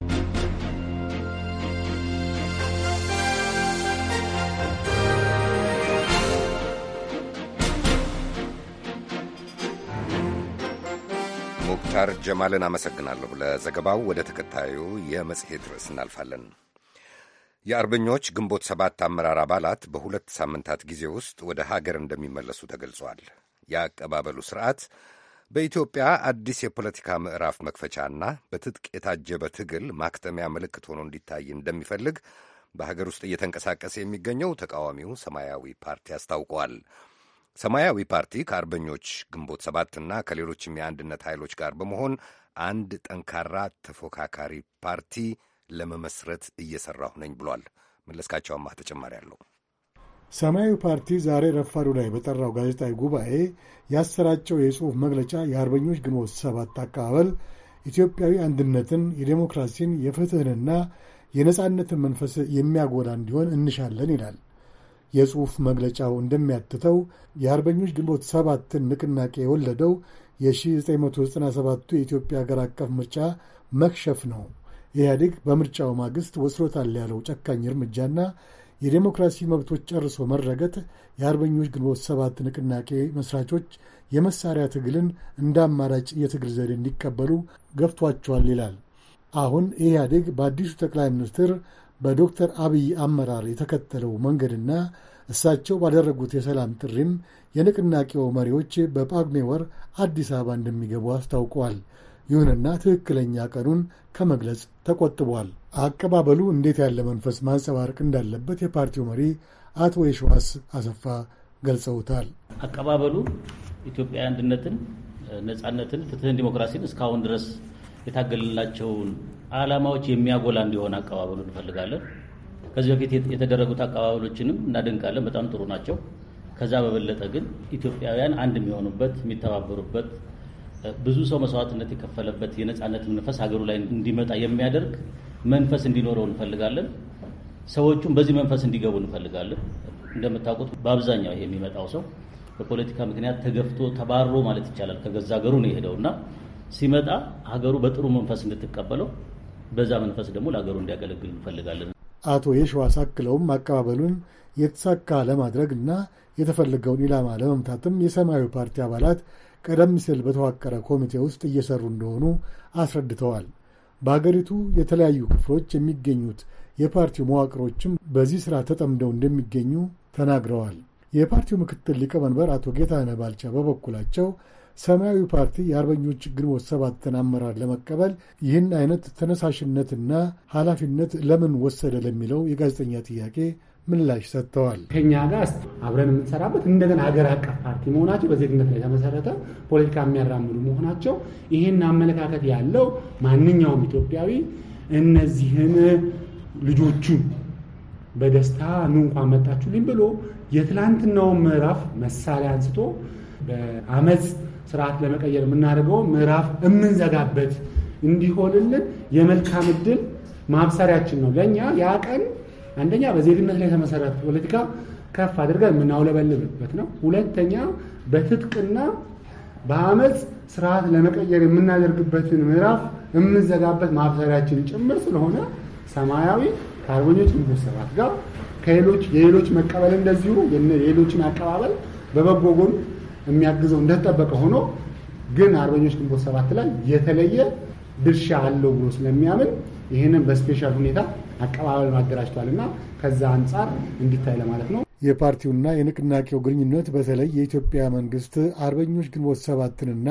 ሙክታር ጀማልን አመሰግናለሁ ለዘገባው። ወደ ተከታዩ የመጽሔት ርዕስ እናልፋለን። የአርበኞች ግንቦት ሰባት አመራር አባላት በሁለት ሳምንታት ጊዜ ውስጥ ወደ ሀገር እንደሚመለሱ ተገልጿል። የአቀባበሉ ስርዓት በኢትዮጵያ አዲስ የፖለቲካ ምዕራፍ መክፈቻና በትጥቅ የታጀበ ትግል ማክተሚያ ምልክት ሆኖ እንዲታይ እንደሚፈልግ በሀገር ውስጥ እየተንቀሳቀሰ የሚገኘው ተቃዋሚው ሰማያዊ ፓርቲ አስታውቀዋል። ሰማያዊ ፓርቲ ከአርበኞች ግንቦት ሰባትና ከሌሎችም የአንድነት ኃይሎች ጋር በመሆን አንድ ጠንካራ ተፎካካሪ ፓርቲ ለመመስረት እየሰራሁ ነኝ ብሏል። መለስካቸው አማህ ተጨማሪ አለው። ሰማያዊ ፓርቲ ዛሬ ረፋዱ ላይ በጠራው ጋዜጣዊ ጉባኤ ያሰራጨው የጽሑፍ መግለጫ የአርበኞች ግንቦት ሰባት አቀባበል ኢትዮጵያዊ አንድነትን፣ የዴሞክራሲን፣ የፍትህንና የነጻነትን መንፈስ የሚያጎላ እንዲሆን እንሻለን ይላል። የጽሑፍ መግለጫው እንደሚያትተው የአርበኞች ግንቦት ሰባትን ንቅናቄ የወለደው የ1997ቱ የኢትዮጵያ አገር አቀፍ ምርጫ መክሸፍ ነው። ኢህአዴግ በምርጫው ማግስት ወስዶታል ያለው ጨካኝ እርምጃና የዴሞክራሲ መብቶች ጨርሶ መረገጥ የአርበኞች ግንቦት ሰባት ንቅናቄ መስራቾች የመሳሪያ ትግልን እንደ አማራጭ የትግል ዘዴ እንዲቀበሉ ገፍቷቸዋል ይላል። አሁን ኢህአዴግ በአዲሱ ጠቅላይ ሚኒስትር በዶክተር አብይ አመራር የተከተለው መንገድና እሳቸው ባደረጉት የሰላም ጥሪም የንቅናቄው መሪዎች በጳጉሜ ወር አዲስ አበባ እንደሚገቡ አስታውቀዋል። ይሁንና ትክክለኛ ቀኑን ከመግለጽ ተቆጥቧል። አቀባበሉ እንዴት ያለ መንፈስ ማንጸባረቅ እንዳለበት የፓርቲው መሪ አቶ የሸዋስ አሰፋ ገልጸውታል። አቀባበሉ ኢትዮጵያ አንድነትን፣ ነጻነትን፣ ፍትህን፣ ዲሞክራሲን እስካሁን ድረስ የታገልላቸውን ዓላማዎች የሚያጎላ እንዲሆን አቀባበሉ እንፈልጋለን። ከዚህ በፊት የተደረጉት አቀባበሎችንም እናደንቃለን፣ በጣም ጥሩ ናቸው። ከዛ በበለጠ ግን ኢትዮጵያውያን አንድ የሚሆኑበት የሚተባበሩበት ብዙ ሰው መስዋዕትነት የከፈለበት የነፃነት መንፈስ ሀገሩ ላይ እንዲመጣ የሚያደርግ መንፈስ እንዲኖረው እንፈልጋለን። ሰዎቹም በዚህ መንፈስ እንዲገቡ እንፈልጋለን። እንደምታውቁት በአብዛኛው ይሄ የሚመጣው ሰው በፖለቲካ ምክንያት ተገፍቶ ተባሮ ማለት ይቻላል ከገዛ ሀገሩ ነው የሄደውና ሲመጣ ሀገሩ በጥሩ መንፈስ እንድትቀበለው በዛ መንፈስ ደግሞ ለሀገሩ እንዲያገለግል እንፈልጋለን። አቶ የሸዋስ አክለውም አቀባበሉን የተሳካ ለማድረግ እና የተፈለገውን ኢላማ ለመምታትም የሰማያዊ ፓርቲ አባላት ቀደም ሲል በተዋቀረ ኮሚቴ ውስጥ እየሰሩ እንደሆኑ አስረድተዋል። በሀገሪቱ የተለያዩ ክፍሎች የሚገኙት የፓርቲው መዋቅሮችም በዚህ ስራ ተጠምደው እንደሚገኙ ተናግረዋል። የፓርቲው ምክትል ሊቀመንበር አቶ ጌታነህ ባልቻ በበኩላቸው ሰማያዊ ፓርቲ የአርበኞች ግንቦት ሰባትን አመራር ለመቀበል ይህን አይነት ተነሳሽነትና ኃላፊነት ለምን ወሰደ ለሚለው የጋዜጠኛ ጥያቄ ምላሽ ሰጥተዋል። ከኛ ጋር አብረን የምንሰራበት እንደገና ሀገር አቀፍ ፓርቲ መሆናቸው በዜግነት ላይ የተመሰረተ ፖለቲካ የሚያራምዱ መሆናቸው ይህን አመለካከት ያለው ማንኛውም ኢትዮጵያዊ እነዚህን ልጆቹ በደስታ ኑ እንኳን መጣችሁልኝ ብሎ የትላንትናውን ምዕራፍ መሳሪያ አንስቶ በአመፅ ስርዓት ለመቀየር የምናደርገው ምዕራፍ የምንዘጋበት እንዲሆንልን የመልካም እድል ማብሰሪያችን ነው። ለእኛ ያ ቀን አንደኛ በዜግነት ላይ የተመሰረተ ፖለቲካ ከፍ አድርገን የምናውለበልብበት ነው። ሁለተኛ በትጥቅና በአመፅ ስርዓት ለመቀየር የምናደርግበትን ምዕራፍ የምንዘጋበት ማብሰሪያችን ጭምር ስለሆነ ሰማያዊ ከአርበኞች ግንቦት ሰባት ጋር ከሌሎች የሌሎች መቀበል እንደዚሁ የሌሎችን አቀባበል በበጎ ጎን የሚያግዘው እንደተጠበቀ ሆኖ ግን አርበኞች ግንቦት ሰባት ላይ የተለየ ድርሻ አለው ብሎ ስለሚያምን ይህንን በስፔሻል ሁኔታ አቀባበል ማደራጅቷል እና ከዛ አንጻር እንዲታይ ለማለት ነው። የፓርቲውና የንቅናቄው ግንኙነት በተለይ የኢትዮጵያ መንግስት አርበኞች ግንቦት ሰባትንና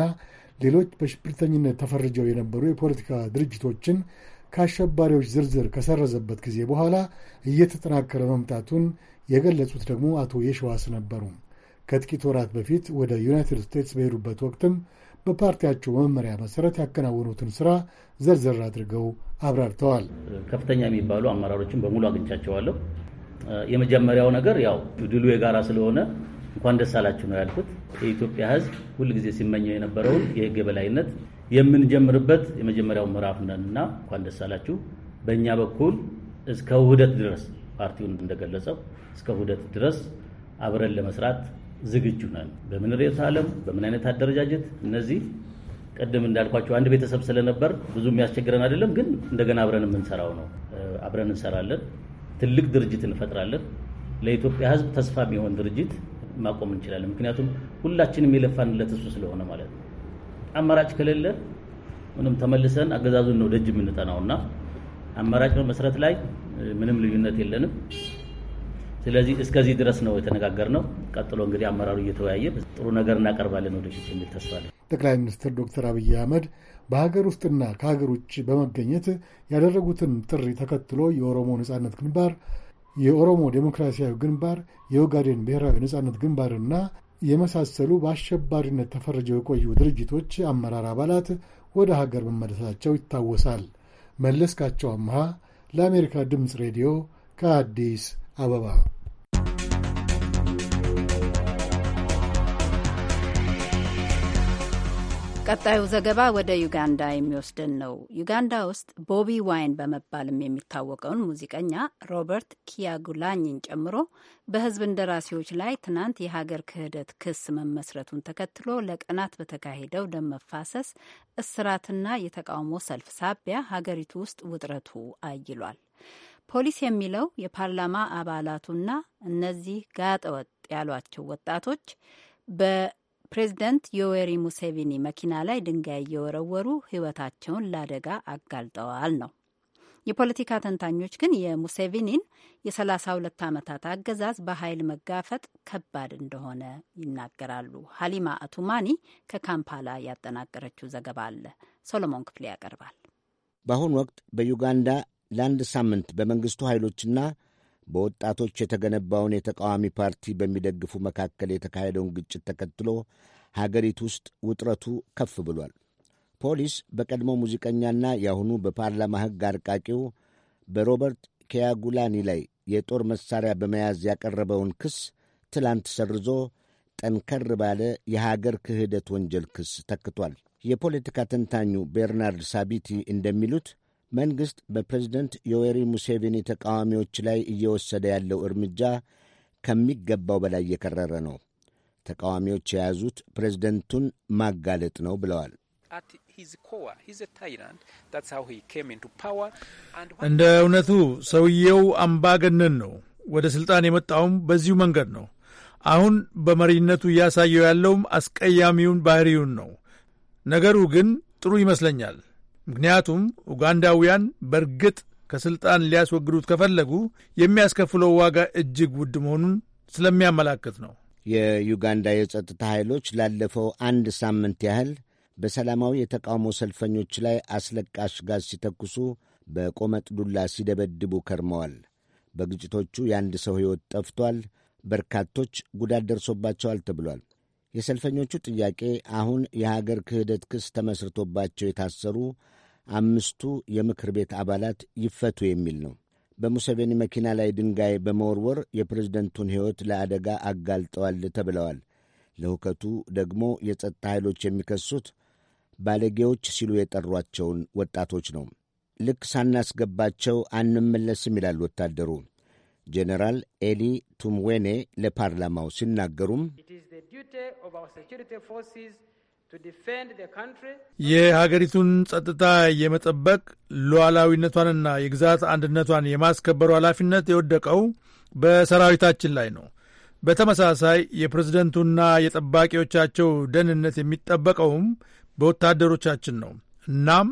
ሌሎች በሽብርተኝነት ተፈርጀው የነበሩ የፖለቲካ ድርጅቶችን ከአሸባሪዎች ዝርዝር ከሰረዘበት ጊዜ በኋላ እየተጠናከረ መምጣቱን የገለጹት ደግሞ አቶ የሸዋስ ነበሩ። ከጥቂት ወራት በፊት ወደ ዩናይትድ ስቴትስ በሄዱበት ወቅትም በፓርቲያቸው መመሪያ መሰረት ያከናወኑትን ስራ ዘርዘር አድርገው አብራርተዋል። ከፍተኛ የሚባሉ አመራሮችን በሙሉ አግኝቻቸዋለሁ። የመጀመሪያው ነገር ያው ድሉ የጋራ ስለሆነ እንኳን ደስ አላችሁ ነው ያልኩት። የኢትዮጵያ ሕዝብ ሁልጊዜ ሲመኘው የነበረውን የህግ የበላይነት የምንጀምርበት የመጀመሪያው ምዕራፍ ነን እና እንኳን ደስ አላችሁ። በእኛ በኩል እስከ ውህደት ድረስ ፓርቲውን እንደገለጸው እስከ ውህደት ድረስ አብረን ለመስራት ዝግጁ ነን። በምን ርዕዮተ ዓለም፣ በምን አይነት አደረጃጀት እነዚህ ቅድም እንዳልኳቸው አንድ ቤተሰብ ስለነበር ብዙ የሚያስቸግረን አይደለም። ግን እንደገና አብረን የምንሰራው ነው። አብረን እንሰራለን። ትልቅ ድርጅት እንፈጥራለን። ለኢትዮጵያ ሕዝብ ተስፋ የሚሆን ድርጅት ማቆም እንችላለን። ምክንያቱም ሁላችንም የለፋንለት እሱ ስለሆነ ማለት ነው። አማራጭ ከሌለ ምንም ተመልሰን አገዛዙን ነው ደጅ የምንጠናው እና አማራጭ መሰረት ላይ ምንም ልዩነት የለንም። ስለዚህ እስከዚህ ድረስ ነው የተነጋገርነው። ቀጥሎ እንግዲህ አመራሩ እየተወያየ ጥሩ ነገር እናቀርባለን ወደፊት የሚል ተስፋ አለ። ጠቅላይ ሚኒስትር ዶክተር አብይ አህመድ በሀገር ውስጥና ከሀገር ውጭ በመገኘት ያደረጉትን ጥሪ ተከትሎ የኦሮሞ ነጻነት ግንባር፣ የኦሮሞ ዴሞክራሲያዊ ግንባር፣ የኦጋዴን ብሔራዊ ነጻነት ግንባርና የመሳሰሉ በአሸባሪነት ተፈርጀው የቆዩ ድርጅቶች አመራር አባላት ወደ ሀገር መመለሳቸው ይታወሳል። መለስካቸው አምሃ ለአሜሪካ ድምፅ ሬዲዮ ከአዲስ አበባ ቀጣዩ ዘገባ ወደ ዩጋንዳ የሚወስድን ነው። ዩጋንዳ ውስጥ ቦቢ ዋይን በመባልም የሚታወቀውን ሙዚቀኛ ሮበርት ኪያጉላኝን ጨምሮ በህዝብ እንደራሴዎች ላይ ትናንት የሀገር ክህደት ክስ መመስረቱን ተከትሎ ለቀናት በተካሄደው ደም መፋሰስ፣ እስራትና የተቃውሞ ሰልፍ ሳቢያ ሀገሪቱ ውስጥ ውጥረቱ አይሏል። ፖሊስ የሚለው የፓርላማ አባላቱና እነዚህ ጋጠ ወጥ ያሏቸው ወጣቶች በፕሬዝደንት ዮዌሪ ሙሴቪኒ መኪና ላይ ድንጋይ እየወረወሩ ሕይወታቸውን ለአደጋ አጋልጠዋል ነው። የፖለቲካ ተንታኞች ግን የሙሴቪኒን የ32 ዓመታት አገዛዝ በኃይል መጋፈጥ ከባድ እንደሆነ ይናገራሉ። ሀሊማ አቱማኒ ከካምፓላ ያጠናቀረችው ዘገባ አለ። ሶሎሞን ክፍሌ ያቀርባል። በአሁኑ ወቅት በዩጋንዳ ለአንድ ሳምንት በመንግሥቱ ኃይሎችና በወጣቶች የተገነባውን የተቃዋሚ ፓርቲ በሚደግፉ መካከል የተካሄደውን ግጭት ተከትሎ ሀገሪቱ ውስጥ ውጥረቱ ከፍ ብሏል። ፖሊስ በቀድሞ ሙዚቀኛና የአሁኑ በፓርላማ ሕግ አርቃቂው በሮበርት ኪያጉላኒ ላይ የጦር መሣሪያ በመያዝ ያቀረበውን ክስ ትላንት ሰርዞ ጠንከር ባለ የሀገር ክህደት ወንጀል ክስ ተክቷል። የፖለቲካ ተንታኙ ቤርናርድ ሳቢቲ እንደሚሉት መንግሥት በፕሬዝደንት ዮዌሪ ሙሴቪኒ ተቃዋሚዎች ላይ እየወሰደ ያለው እርምጃ ከሚገባው በላይ የከረረ ነው። ተቃዋሚዎች የያዙት ፕሬዝደንቱን ማጋለጥ ነው ብለዋል። እንደ እውነቱ ሰውየው አምባገነን ነው። ወደ ሥልጣን የመጣውም በዚሁ መንገድ ነው። አሁን በመሪነቱ እያሳየው ያለውም አስቀያሚውን ባሕሪውን ነው። ነገሩ ግን ጥሩ ይመስለኛል። ምክንያቱም ኡጋንዳውያን በእርግጥ ከሥልጣን ሊያስወግዱት ከፈለጉ የሚያስከፍለው ዋጋ እጅግ ውድ መሆኑን ስለሚያመላክት ነው። የዩጋንዳ የጸጥታ ኃይሎች ላለፈው አንድ ሳምንት ያህል በሰላማዊ የተቃውሞ ሰልፈኞች ላይ አስለቃሽ ጋዝ ሲተኩሱ፣ በቆመጥ ዱላ ሲደበድቡ ከርመዋል። በግጭቶቹ የአንድ ሰው ሕይወት ጠፍቷል፣ በርካቶች ጉዳት ደርሶባቸዋል ተብሏል። የሰልፈኞቹ ጥያቄ አሁን የሀገር ክህደት ክስ ተመስርቶባቸው የታሰሩ አምስቱ የምክር ቤት አባላት ይፈቱ የሚል ነው። በሙሴቬኒ መኪና ላይ ድንጋይ በመወርወር የፕሬዝደንቱን ሕይወት ለአደጋ አጋልጠዋል ተብለዋል። ለሁከቱ ደግሞ የጸጥታ ኃይሎች የሚከሱት ባለጌዎች ሲሉ የጠሯቸውን ወጣቶች ነው። ልክ ሳናስገባቸው አንመለስም ይላል ወታደሩ። ጄኔራል ኤሊ ቱምዌኔ ለፓርላማው ሲናገሩም የሀገሪቱን ጸጥታ የመጠበቅ ሉዓላዊነቷንና የግዛት አንድነቷን የማስከበሩ ኃላፊነት የወደቀው በሰራዊታችን ላይ ነው። በተመሳሳይ የፕሬዝደንቱና የጠባቂዎቻቸው ደህንነት የሚጠበቀውም በወታደሮቻችን ነው። እናም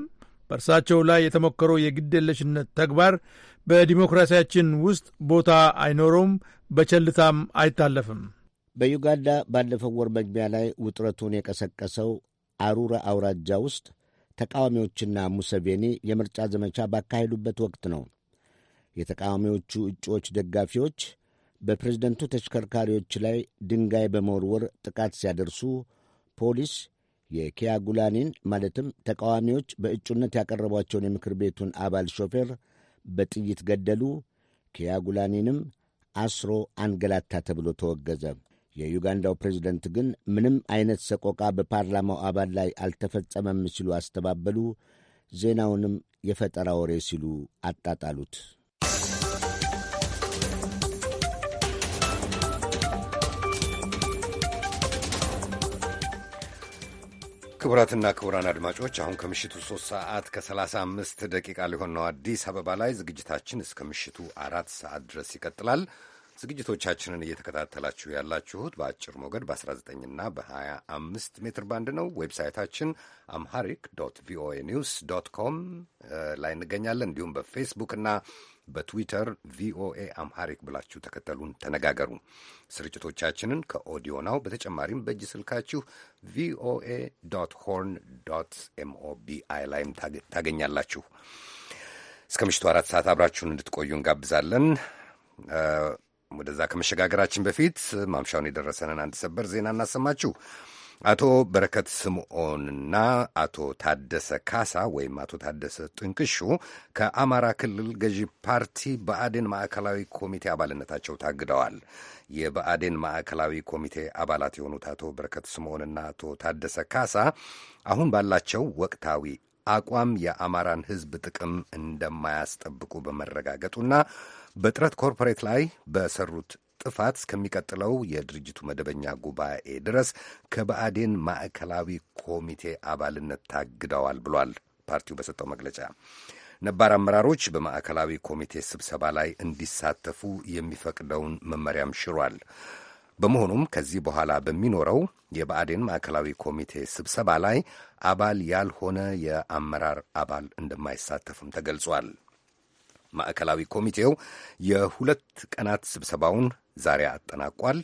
በእርሳቸው ላይ የተሞከረው የግድየለሽነት ተግባር በዲሞክራሲያችን ውስጥ ቦታ አይኖረውም፣ በቸልታም አይታለፍም። በዩጋንዳ ባለፈው ወር መግቢያ ላይ ውጥረቱን የቀሰቀሰው አሩራ አውራጃ ውስጥ ተቃዋሚዎችና ሙሰቬኒ የምርጫ ዘመቻ ባካሄዱበት ወቅት ነው። የተቃዋሚዎቹ እጩዎች ደጋፊዎች በፕሬዝደንቱ ተሽከርካሪዎች ላይ ድንጋይ በመወርወር ጥቃት ሲያደርሱ ፖሊስ የኪያጉላኒን ማለትም ተቃዋሚዎች በእጩነት ያቀረቧቸውን የምክር ቤቱን አባል ሾፌር በጥይት ገደሉ። ኪያጉላኒንም አስሮ አንገላታ ተብሎ ተወገዘ። የዩጋንዳው ፕሬዝደንት ግን ምንም አይነት ሰቆቃ በፓርላማው አባል ላይ አልተፈጸመም ሲሉ አስተባበሉ። ዜናውንም የፈጠራ ወሬ ሲሉ አጣጣሉት። ክቡራትና ክቡራን አድማጮች አሁን ከምሽቱ 3 ሰዓት ከ35 ደቂቃ ሊሆን ነው አዲስ አበባ ላይ። ዝግጅታችን እስከ ምሽቱ አራት ሰዓት ድረስ ይቀጥላል። ዝግጅቶቻችንን እየተከታተላችሁ ያላችሁት በአጭር ሞገድ በ19ና በ25 ሜትር ባንድ ነው። ዌብሳይታችን አምሃሪክ ዶት ቪኦኤ ኒውስ ዶት ኮም ላይ እንገኛለን። እንዲሁም በፌስቡክና በትዊተር ቪኦኤ አምሃሪክ ብላችሁ ተከተሉን፣ ተነጋገሩ። ስርጭቶቻችንን ከኦዲዮ ናው በተጨማሪም በእጅ ስልካችሁ ቪኦኤ ዶት ሆርን ዶት ኤምኦቢአይ ላይም ታገኛላችሁ። እስከ ምሽቱ አራት ሰዓት አብራችሁን እንድትቆዩ እንጋብዛለን። ወደዛ ከመሸጋገራችን በፊት ማምሻውን የደረሰንን አንድ ሰበር ዜና እናሰማችሁ። አቶ በረከት ስምዖንና አቶ ታደሰ ካሳ ወይም አቶ ታደሰ ጥንቅሹ ከአማራ ክልል ገዢ ፓርቲ በአዴን ማዕከላዊ ኮሚቴ አባልነታቸው ታግደዋል። የበአዴን ማዕከላዊ ኮሚቴ አባላት የሆኑት አቶ በረከት ስምዖንና አቶ ታደሰ ካሳ አሁን ባላቸው ወቅታዊ አቋም የአማራን ሕዝብ ጥቅም እንደማያስጠብቁ በመረጋገጡና በጥረት ኮርፖሬት ላይ በሰሩት ጥፋት እስከሚቀጥለው የድርጅቱ መደበኛ ጉባኤ ድረስ ከብአዴን ማዕከላዊ ኮሚቴ አባልነት ታግደዋል ብሏል ፓርቲው በሰጠው መግለጫ። ነባር አመራሮች በማዕከላዊ ኮሚቴ ስብሰባ ላይ እንዲሳተፉ የሚፈቅደውን መመሪያም ሽሯል። በመሆኑም ከዚህ በኋላ በሚኖረው የብአዴን ማዕከላዊ ኮሚቴ ስብሰባ ላይ አባል ያልሆነ የአመራር አባል እንደማይሳተፍም ተገልጿል። ማዕከላዊ ኮሚቴው የሁለት ቀናት ስብሰባውን ዛሬ አጠናቋል።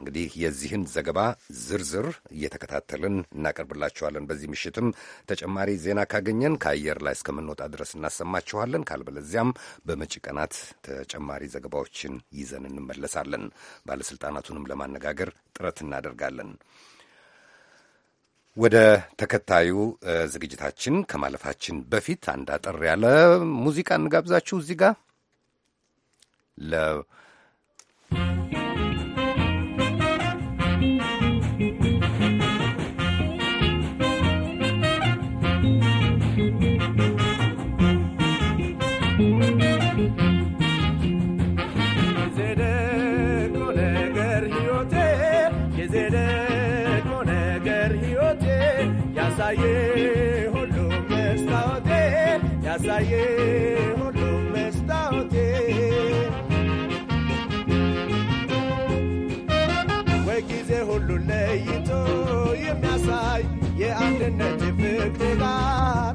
እንግዲህ የዚህን ዘገባ ዝርዝር እየተከታተልን እናቀርብላችኋለን። በዚህ ምሽትም ተጨማሪ ዜና ካገኘን ከአየር ላይ እስከምንወጣ ድረስ እናሰማችኋለን። ካልበለዚያም በመጪ ቀናት ተጨማሪ ዘገባዎችን ይዘን እንመለሳለን። ባለሥልጣናቱንም ለማነጋገር ጥረት እናደርጋለን። ወደ ተከታዩ ዝግጅታችን ከማለፋችን በፊት አንድ አጠር ያለ ሙዚቃ እንጋብዛችሁ እዚህ ጋር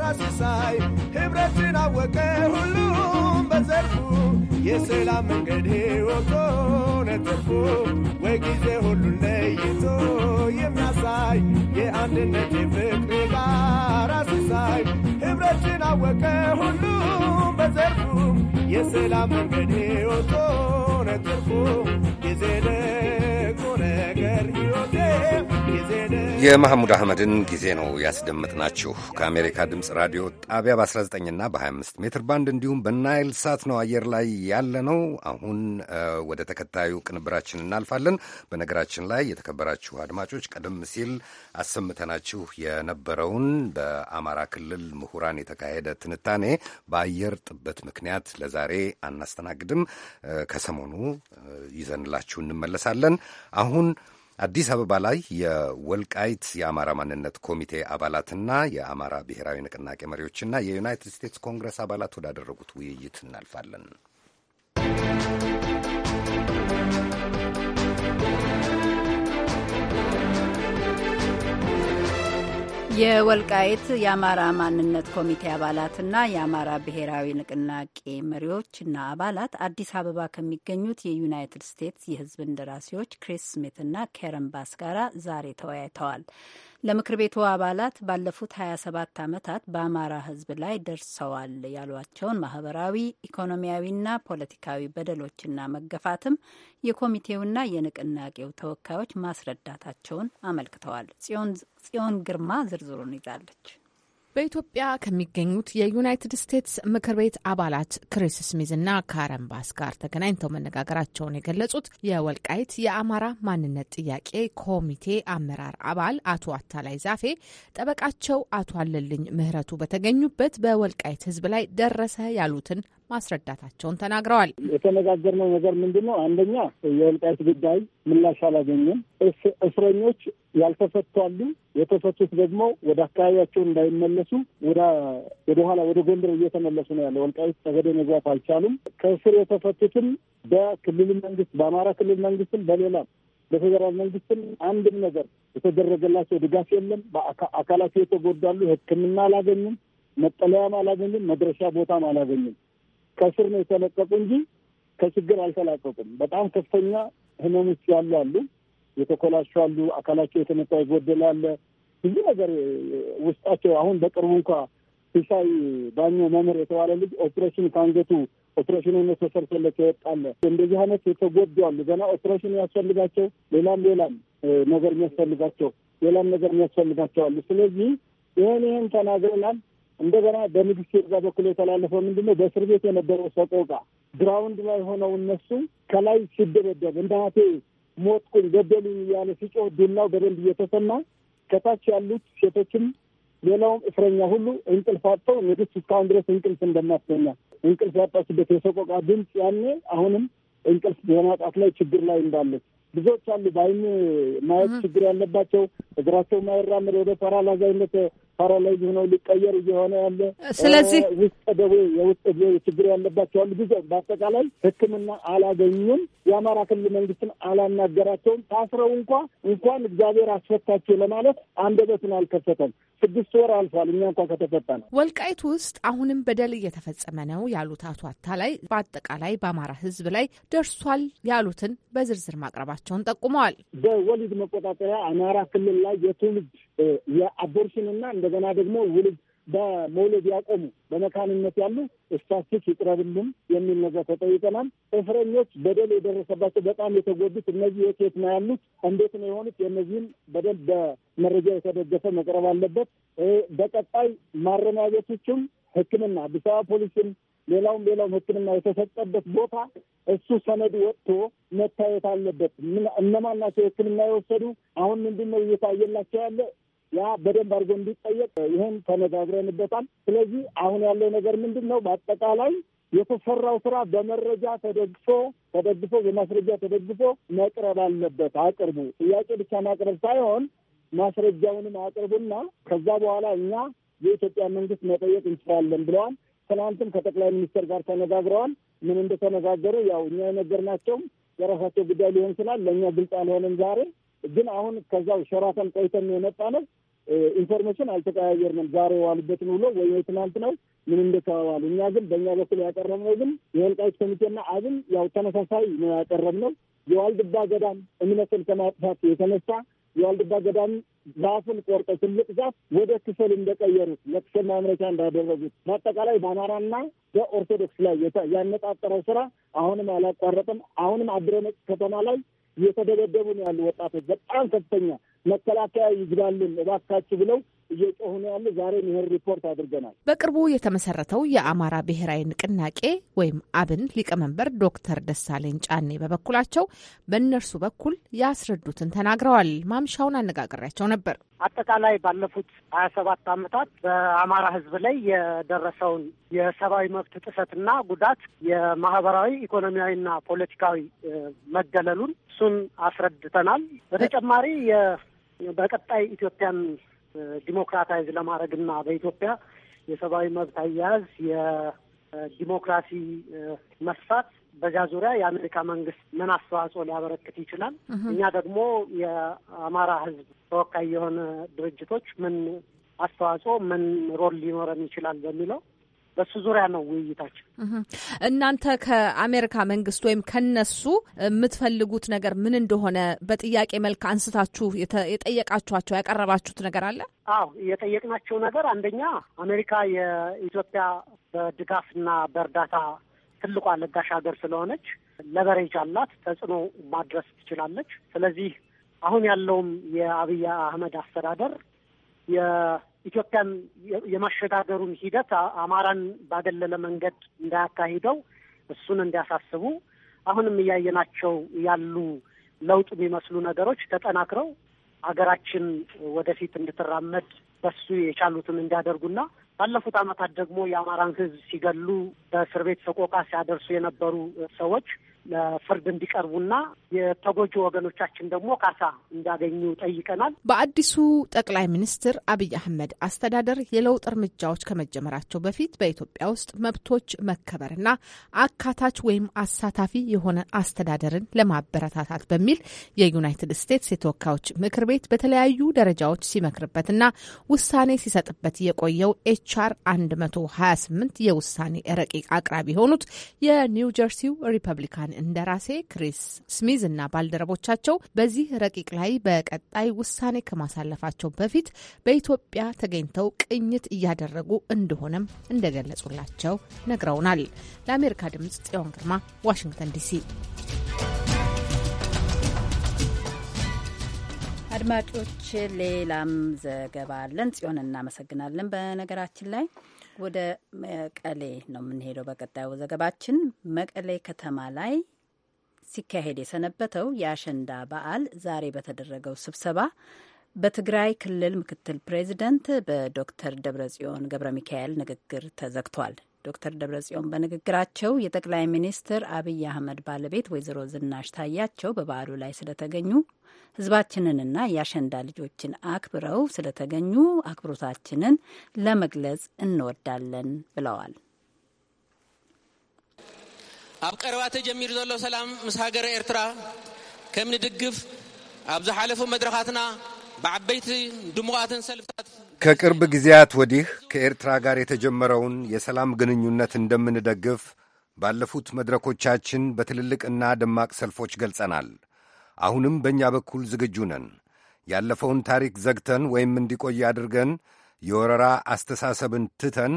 ራሱ ሳይ ኅብረትን አወቀ ሁሉም በዘርፉ የሰላም መንገድ ወቶ ነተፉ ወይ ጊዜ ሁሉን ለይቶ የሚያሳይ የአንድነት የፍቅር ጋር ራሱ ሳይ ኅብረትን አወቀ ሁሉም በዘርፉ የሰላም መንገድ ወቶ ነተፉ ጊዜ ደግሞ ነገር ሕይወቴ የማህሙድ አህመድን ጊዜ ነው ያስደመጥናችሁ። ከአሜሪካ ድምፅ ራዲዮ ጣቢያ በ19 ና በ25 ሜትር ባንድ እንዲሁም በናይል ሳት ነው አየር ላይ ያለ ነው። አሁን ወደ ተከታዩ ቅንብራችን እናልፋለን። በነገራችን ላይ የተከበራችሁ አድማጮች፣ ቀደም ሲል አሰምተናችሁ የነበረውን በአማራ ክልል ምሁራን የተካሄደ ትንታኔ በአየር ጥበት ምክንያት ለዛሬ አናስተናግድም። ከሰሞኑ ይዘንላችሁ እንመለሳለን። አሁን አዲስ አበባ ላይ የወልቃይት የአማራ ማንነት ኮሚቴ አባላትና የአማራ ብሔራዊ ንቅናቄ መሪዎችና የዩናይትድ ስቴትስ ኮንግረስ አባላት ወዳደረጉት ውይይት እናልፋለን። የወልቃይት የአማራ ማንነት ኮሚቴ አባላትና የአማራ ብሔራዊ ንቅናቄ መሪዎችና አባላት አዲስ አበባ ከሚገኙት የዩናይትድ ስቴትስ የሕዝብ እንደራሴዎች ክሪስ ስሚትና ከረን ባስ ጋራ ዛሬ ተወያይተዋል። ለምክር ቤቱ አባላት ባለፉት 27 ዓመታት በአማራ ሕዝብ ላይ ደርሰዋል ያሏቸውን ማህበራዊ፣ ኢኮኖሚያዊና ፖለቲካዊ በደሎችና መገፋትም የኮሚቴውና የንቅናቄው ተወካዮች ማስረዳታቸውን አመልክተዋል። ጽዮን ግርማ ዝርዝሩን ይዛለች። በኢትዮጵያ ከሚገኙት የዩናይትድ ስቴትስ ምክር ቤት አባላት ክሪስ ስሚዝ እና ካረን ባስ ጋር ተገናኝተው መነጋገራቸውን የገለጹት የወልቃይት የአማራ ማንነት ጥያቄ ኮሚቴ አመራር አባል አቶ አታላይ ዛፌ ጠበቃቸው አቶ አለልኝ ምህረቱ በተገኙበት በወልቃይት ሕዝብ ላይ ደረሰ ያሉትን ማስረዳታቸውን ተናግረዋል። የተነጋገርነው ነገር ምንድን ነው? አንደኛ የወልቃይት ጉዳይ ምላሽ አላገኘም። እስረኞች ያልተፈቱ አሉ። የተፈቱት ደግሞ ወደ አካባቢያቸው እንዳይመለሱ ወደኋላ ወደ ጎንደር እየተመለሱ ነው ያለ። ወልቃይት ጠገዴ መግባት አልቻሉም። ከእስር የተፈቱትም በክልል መንግስት፣ በአማራ ክልል መንግስትም በሌላም በፌዴራል መንግስትም አንድም ነገር የተደረገላቸው ድጋፍ የለም። አካላቸው የተጎዳሉ። ሕክምና አላገኙም። መጠለያም አላገኙም። መድረሻ ቦታም አላገኙም። ከስር ነው የተለቀቁ እንጂ ከችግር አልተላቀቁም። በጣም ከፍተኛ ህመም ውስጥ ያሉ አሉ፣ የተኮላሹ አሉ፣ አካላቸው የተመታ የጎደለ አለ፣ ብዙ ነገር ውስጣቸው አሁን በቅርቡ እንኳ ሲሳይ ዳኞ መምህር የተባለ ልጅ ኦፕሬሽን ከአንገቱ ኦፕሬሽን እነሱ ተሰርቶለት ይወጣለ። እንደዚህ አይነት የተጎዱ አሉ። ገና ኦፕሬሽን ያስፈልጋቸው ሌላም ሌላም ነገር የሚያስፈልጋቸው ሌላም ነገር የሚያስፈልጋቸው አሉ። ስለዚህ ይህን ይህን ተናግረናል። እንደገና በንግስት ይርጋ በኩል የተላለፈው ምንድን ነው? በእስር ቤት የነበረው ሰቆቃ ግራውንድ ላይ ሆነው እነሱ ከላይ ሲደበደብ እንደ እንዳቴ ሞትኩኝ፣ ገደሉኝ እያለ ሲጮህ ዱላው በደንብ እየተሰማ ከታች ያሉት ሴቶችም ሌላውም እስረኛ ሁሉ እንቅልፍ አጥተው ንግስት እስካሁን ድረስ እንቅልፍ እንደማስተኛ እንቅልፍ ያጣችበት የሰቆቃ ድምፅ ያኔ አሁንም እንቅልፍ በማጣት ላይ ችግር ላይ እንዳለች ብዙዎች አሉ። በአይን ማየት ችግር ያለባቸው እግራቸው ማይራምድ ወደ ተራላዛይነት ፓራላይዝ ሆነው ሊቀየር እየሆነ ያለ ስለዚህ ውስጥ ደዌ የውስጥ ችግር ያለባቸዋል ጊዜ በአጠቃላይ ሕክምና አላገኙም። የአማራ ክልል መንግስትን አላናገራቸውም። ታስረው እንኳ እንኳን እግዚአብሔር አስፈታቸው ለማለት አንደበትን አልከፈተም። ስድስት ወር አልፏል። እኛ እንኳ ከተፈታ ነው። ወልቃይት ውስጥ አሁንም በደል እየተፈጸመ ነው ያሉት አቶ አታላይ በአጠቃላይ በአማራ ሕዝብ ላይ ደርሷል ያሉትን በዝርዝር ማቅረባቸውን ጠቁመዋል። በወሊድ መቆጣጠሪያ አማራ ክልል ላይ የትውልድ የአቦርሽንና እንደገና ደግሞ ውልድ በመውለድ ያቆሙ በመካንነት ያሉ ስታስቲክ ይቅረብልን የሚል ነገር ተጠይቀናል። እስረኞች በደል የደረሰባቸው በጣም የተጎዱት እነዚህ የኬት ነው ያሉት እንዴት ነው የሆኑት? የእነዚህም በደል በመረጃ የተደገፈ መቅረብ አለበት። በቀጣይ ማረሚያ ቤቶችም ሕክምና አዲስ አበባ ፖሊስም ሌላውም ሌላውም ሕክምና የተሰጠበት ቦታ እሱ ሰነድ ወጥቶ መታየት አለበት። እነማን ናቸው ሕክምና የወሰዱ? አሁን ምንድን እየታየላቸው ያለ? ያ በደንብ አድርጎ እንዲጠየቅ ይህን ተነጋግረንበታል። ስለዚህ አሁን ያለው ነገር ምንድን ነው? በአጠቃላይ የተሰራው ስራ በመረጃ ተደግፎ ተደግፎ በማስረጃ ተደግፎ መቅረብ አለበት። አቅርቡ ጥያቄ ብቻ ማቅረብ ሳይሆን ማስረጃውንም አቅርቡና ከዛ በኋላ እኛ የኢትዮጵያ መንግስት መጠየቅ እንችላለን ብለዋል። ትናንትም ከጠቅላይ ሚኒስትር ጋር ተነጋግረዋል። ምን እንደተነጋገሩ ያው እኛ የነገርናቸውም የራሳቸው ጉዳይ ሊሆን ይችላል። ለእኛ ግልጽ አልሆነም ዛሬ ግን አሁን ከዛው ሸራተን ቆይተን የመጣ ነው። ኢንፎርሜሽን አልተቀያየርንም። ዛሬ የዋሉበትን ውሎ ወይ ትናንት ነው ምን እንደተባባሉ። እኛ ግን በእኛ በኩል ያቀረብነው ግን የወልቃይት ኮሚቴና አብን ያው ተመሳሳይ ነው ያቀረብነው። የዋልድባ ገዳም እምነትን ከማጥፋት የተነሳ የዋልድባ ገዳም ዛፍን ቆርጦ ትልቅ ዛፍ ወደ ክሰል እንደቀየሩት ለክሰል ማምረቻ እንዳደረጉት በአጠቃላይ በአማራና በኦርቶዶክስ ላይ ያነጣጠረው ስራ አሁንም አላቋረጥም። አሁንም አድረነጭ ከተማ ላይ እየተደበደቡ ነው ያሉ ወጣቶች በጣም ከፍተኛ መከላከያ ይግባልን እባካችሁ ብለው እየጮሁ ነው ያለ። ዛሬ ይህን ሪፖርት አድርገናል። በቅርቡ የተመሰረተው የአማራ ብሔራዊ ንቅናቄ ወይም አብን ሊቀመንበር ዶክተር ደሳለኝ ጫኔ በበኩላቸው በእነርሱ በኩል ያስረዱትን ተናግረዋል። ማምሻውን አነጋግሬያቸው ነበር። አጠቃላይ ባለፉት ሀያ ሰባት ዓመታት በአማራ ህዝብ ላይ የደረሰውን የሰብአዊ መብት ጥሰትና ጉዳት የማህበራዊ ኢኮኖሚያዊና ፖለቲካዊ መገለሉን እሱን አስረድተናል። በተጨማሪ በቀጣይ ኢትዮጵያን ዲሞክራታይዝ ለማድረግና በኢትዮጵያ የሰብአዊ መብት አያያዝ የዲሞክራሲ መስፋት በዚያ ዙሪያ የአሜሪካ መንግስት ምን አስተዋጽኦ ሊያበረክት ይችላል? እኛ ደግሞ የአማራ ህዝብ ተወካይ የሆነ ድርጅቶች ምን አስተዋጽኦ ምን ሮል ሊኖረን ይችላል በሚለው በሱ ዙሪያ ነው ውይይታችን። እናንተ ከአሜሪካ መንግስት ወይም ከነሱ የምትፈልጉት ነገር ምን እንደሆነ በጥያቄ መልክ አንስታችሁ የጠየቃችኋቸው ያቀረባችሁት ነገር አለ? አዎ የጠየቅናቸው ነገር አንደኛ አሜሪካ የኢትዮጵያ በድጋፍና በእርዳታ ትልቋ ለጋሽ ሀገር ስለሆነች ለበሬጅ አላት፣ ተጽዕኖ ማድረስ ትችላለች። ስለዚህ አሁን ያለውም የአብይ አህመድ አስተዳደር ኢትዮጵያን የማሸጋገሩን ሂደት አማራን ባገለለ መንገድ እንዳያካሂደው እሱን እንዲያሳስቡ አሁንም እያየናቸው ያሉ ለውጥ የሚመስሉ ነገሮች ተጠናክረው ሀገራችን ወደፊት እንድትራመድ በሱ የቻሉትን እንዲያደርጉና ባለፉት ዓመታት ደግሞ የአማራን ሕዝብ ሲገሉ በእስር ቤት ሰቆቃ ሲያደርሱ የነበሩ ሰዎች ለፍርድ እንዲቀርቡና የተጎጂ ወገኖቻችን ደግሞ ካሳ እንዲያገኙ ጠይቀናል። በአዲሱ ጠቅላይ ሚኒስትር አብይ አህመድ አስተዳደር የለውጥ እርምጃዎች ከመጀመራቸው በፊት በኢትዮጵያ ውስጥ መብቶች መከበርና አካታች ወይም አሳታፊ የሆነ አስተዳደርን ለማበረታታት በሚል የዩናይትድ ስቴትስ የተወካዮች ምክር ቤት በተለያዩ ደረጃዎች ሲመክርበትና ውሳኔ ሲሰጥበት የቆየው ኤችአር 128 የውሳኔ ረቂቅ አቅራቢ የሆኑት የኒው ጀርሲው ሪፐብሊካን እንደራሴ ክሪስ ስሚዝ እና ባልደረቦቻቸው በዚህ ረቂቅ ላይ በቀጣይ ውሳኔ ከማሳለፋቸው በፊት በኢትዮጵያ ተገኝተው ቅኝት እያደረጉ እንደሆነም እንደገለጹላቸው ነግረውናል። ለአሜሪካ ድምጽ ጽዮን ግርማ፣ ዋሽንግተን ዲሲ። አድማጮች ሌላም ዘገባ አለን። ጽዮን እናመሰግናለን። በነገራችን ላይ ወደ መቀሌ ነው የምንሄደው። በቀጣዩ ዘገባችን መቀሌ ከተማ ላይ ሲካሄድ የሰነበተው የአሸንዳ በዓል ዛሬ በተደረገው ስብሰባ በትግራይ ክልል ምክትል ፕሬዚደንት በዶክተር ደብረጽዮን ገብረ ሚካኤል ንግግር ተዘግቷል። ዶክተር ደብረጽዮን በንግግራቸው የጠቅላይ ሚኒስትር አብይ አህመድ ባለቤት ወይዘሮ ዝናሽ ታያቸው በበዓሉ ላይ ስለተገኙ ህዝባችንንና የአሸንዳ ልጆችን አክብረው ስለተገኙ አክብሮታችንን ለመግለጽ እንወዳለን ብለዋል። ኣብ ቀረባ ተጀሚሩ ዘሎ ሰላም ምስ ሃገረ ኤርትራ ከም ንድግፍ ኣብ ዝሓለፉ መድረኻትና ብዓበይቲ ድሙቓትን ሰልፍታት ከቅርብ ጊዜያት ወዲህ ከኤርትራ ጋር የተጀመረውን የሰላም ግንኙነት እንደምንደግፍ ባለፉት መድረኮቻችን በትልልቅና ደማቅ ሰልፎች ገልጸናል። አሁንም በእኛ በኩል ዝግጁ ነን። ያለፈውን ታሪክ ዘግተን ወይም እንዲቆይ አድርገን የወረራ አስተሳሰብን ትተን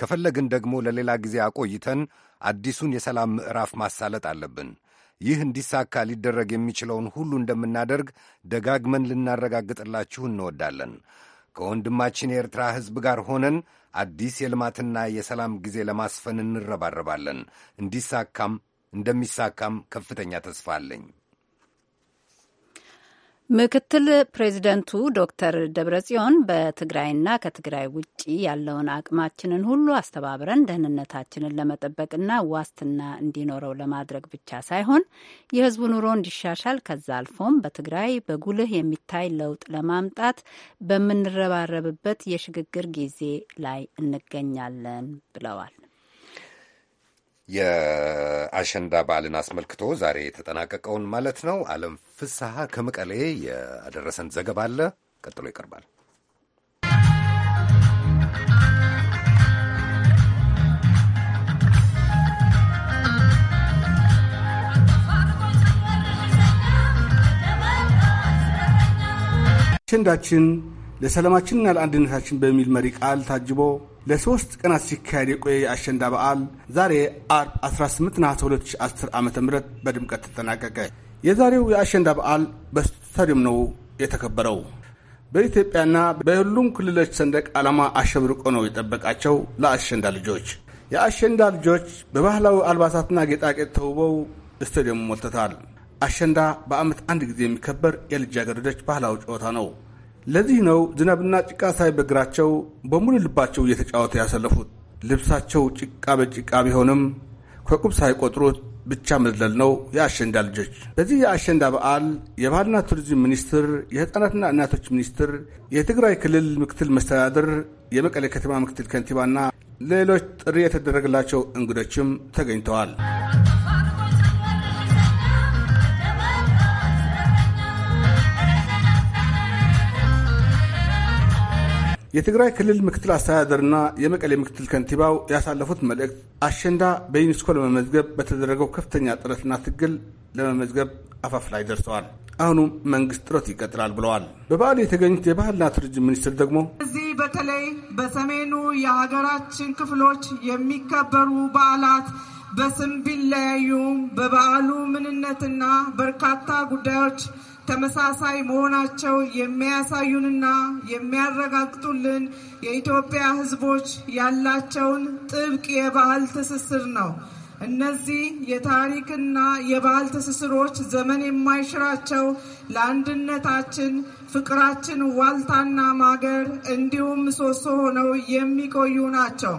ከፈለግን ደግሞ ለሌላ ጊዜ አቆይተን አዲሱን የሰላም ምዕራፍ ማሳለጥ አለብን። ይህ እንዲሳካ ሊደረግ የሚችለውን ሁሉ እንደምናደርግ ደጋግመን ልናረጋግጥላችሁ እንወዳለን። ከወንድማችን የኤርትራ ሕዝብ ጋር ሆነን አዲስ የልማትና የሰላም ጊዜ ለማስፈን እንረባረባለን። እንዲሳካም እንደሚሳካም ከፍተኛ ተስፋ አለኝ። ምክትል ፕሬዚደንቱ ዶክተር ደብረጽዮን በትግራይና ከትግራይ ውጭ ያለውን አቅማችንን ሁሉ አስተባብረን ደህንነታችንን ለመጠበቅና ዋስትና እንዲኖረው ለማድረግ ብቻ ሳይሆን የሕዝቡ ኑሮ እንዲሻሻል ከዛ አልፎም በትግራይ በጉልህ የሚታይ ለውጥ ለማምጣት በምንረባረብበት የሽግግር ጊዜ ላይ እንገኛለን ብለዋል። የአሸንዳ በዓልን አስመልክቶ ዛሬ የተጠናቀቀውን ማለት ነው። አለም ፍስሐ ከመቀሌ ያደረሰን ዘገባ አለ፣ ቀጥሎ ይቀርባል። አሸንዳችን ለሰላማችንና ለአንድነታችን በሚል መሪ ቃል ታጅቦ ለሶስት ቀናት ሲካሄድ የቆየ የአሸንዳ በዓል ዛሬ አርብ 18 ነሐሴ 2010 ዓ ም በድምቀት ተጠናቀቀ። የዛሬው የአሸንዳ በዓል በስታዲየም ነው የተከበረው። በኢትዮጵያና በሁሉም ክልሎች ሰንደቅ ዓላማ አሸብርቆ ነው የጠበቃቸው ለአሸንዳ ልጆች። የአሸንዳ ልጆች በባህላዊ አልባሳትና ጌጣጌጥ ተውበው ስታዲየሙ ሞልተታል። አሸንዳ በዓመት አንድ ጊዜ የሚከበር የልጃገረዶች ባህላዊ ጨዋታ ነው። ለዚህ ነው ዝናብና ጭቃ ሳይበግራቸው በሙሉ ልባቸው እየተጫወተ ያሰለፉት። ልብሳቸው ጭቃ በጭቃ ቢሆንም ከቁብ ሳይቆጥሩት ብቻ መዝለል ነው የአሸንዳ ልጆች። በዚህ የአሸንዳ በዓል የባህልና ቱሪዝም ሚኒስትር፣ የሕፃናትና እናቶች ሚኒስትር፣ የትግራይ ክልል ምክትል መስተዳድር፣ የመቀሌ ከተማ ምክትል ከንቲባና ሌሎች ጥሪ የተደረገላቸው እንግዶችም ተገኝተዋል። የትግራይ ክልል ምክትል አስተዳደርና የመቀሌ ምክትል ከንቲባው ያሳለፉት መልእክት አሸንዳ በዩኔስኮ ለመመዝገብ በተደረገው ከፍተኛ ጥረትና ትግል ለመመዝገብ አፋፍ ላይ ደርሰዋል። አሁኑም መንግስት ጥረት ይቀጥላል ብለዋል። በበዓል የተገኙት የባህልና ቱሪዝም ሚኒስትር ደግሞ እዚህ በተለይ በሰሜኑ የሀገራችን ክፍሎች የሚከበሩ በዓላት በስም ቢለያዩም በበዓሉ ምንነትና በርካታ ጉዳዮች ተመሳሳይ መሆናቸው የሚያሳዩንና የሚያረጋግጡልን የኢትዮጵያ ሕዝቦች ያላቸውን ጥብቅ የባህል ትስስር ነው። እነዚህ የታሪክና የባህል ትስስሮች ዘመን የማይሽራቸው ለአንድነታችን ፍቅራችን ዋልታና ማገር እንዲሁም ምሰሶ ሆነው የሚቆዩ ናቸው።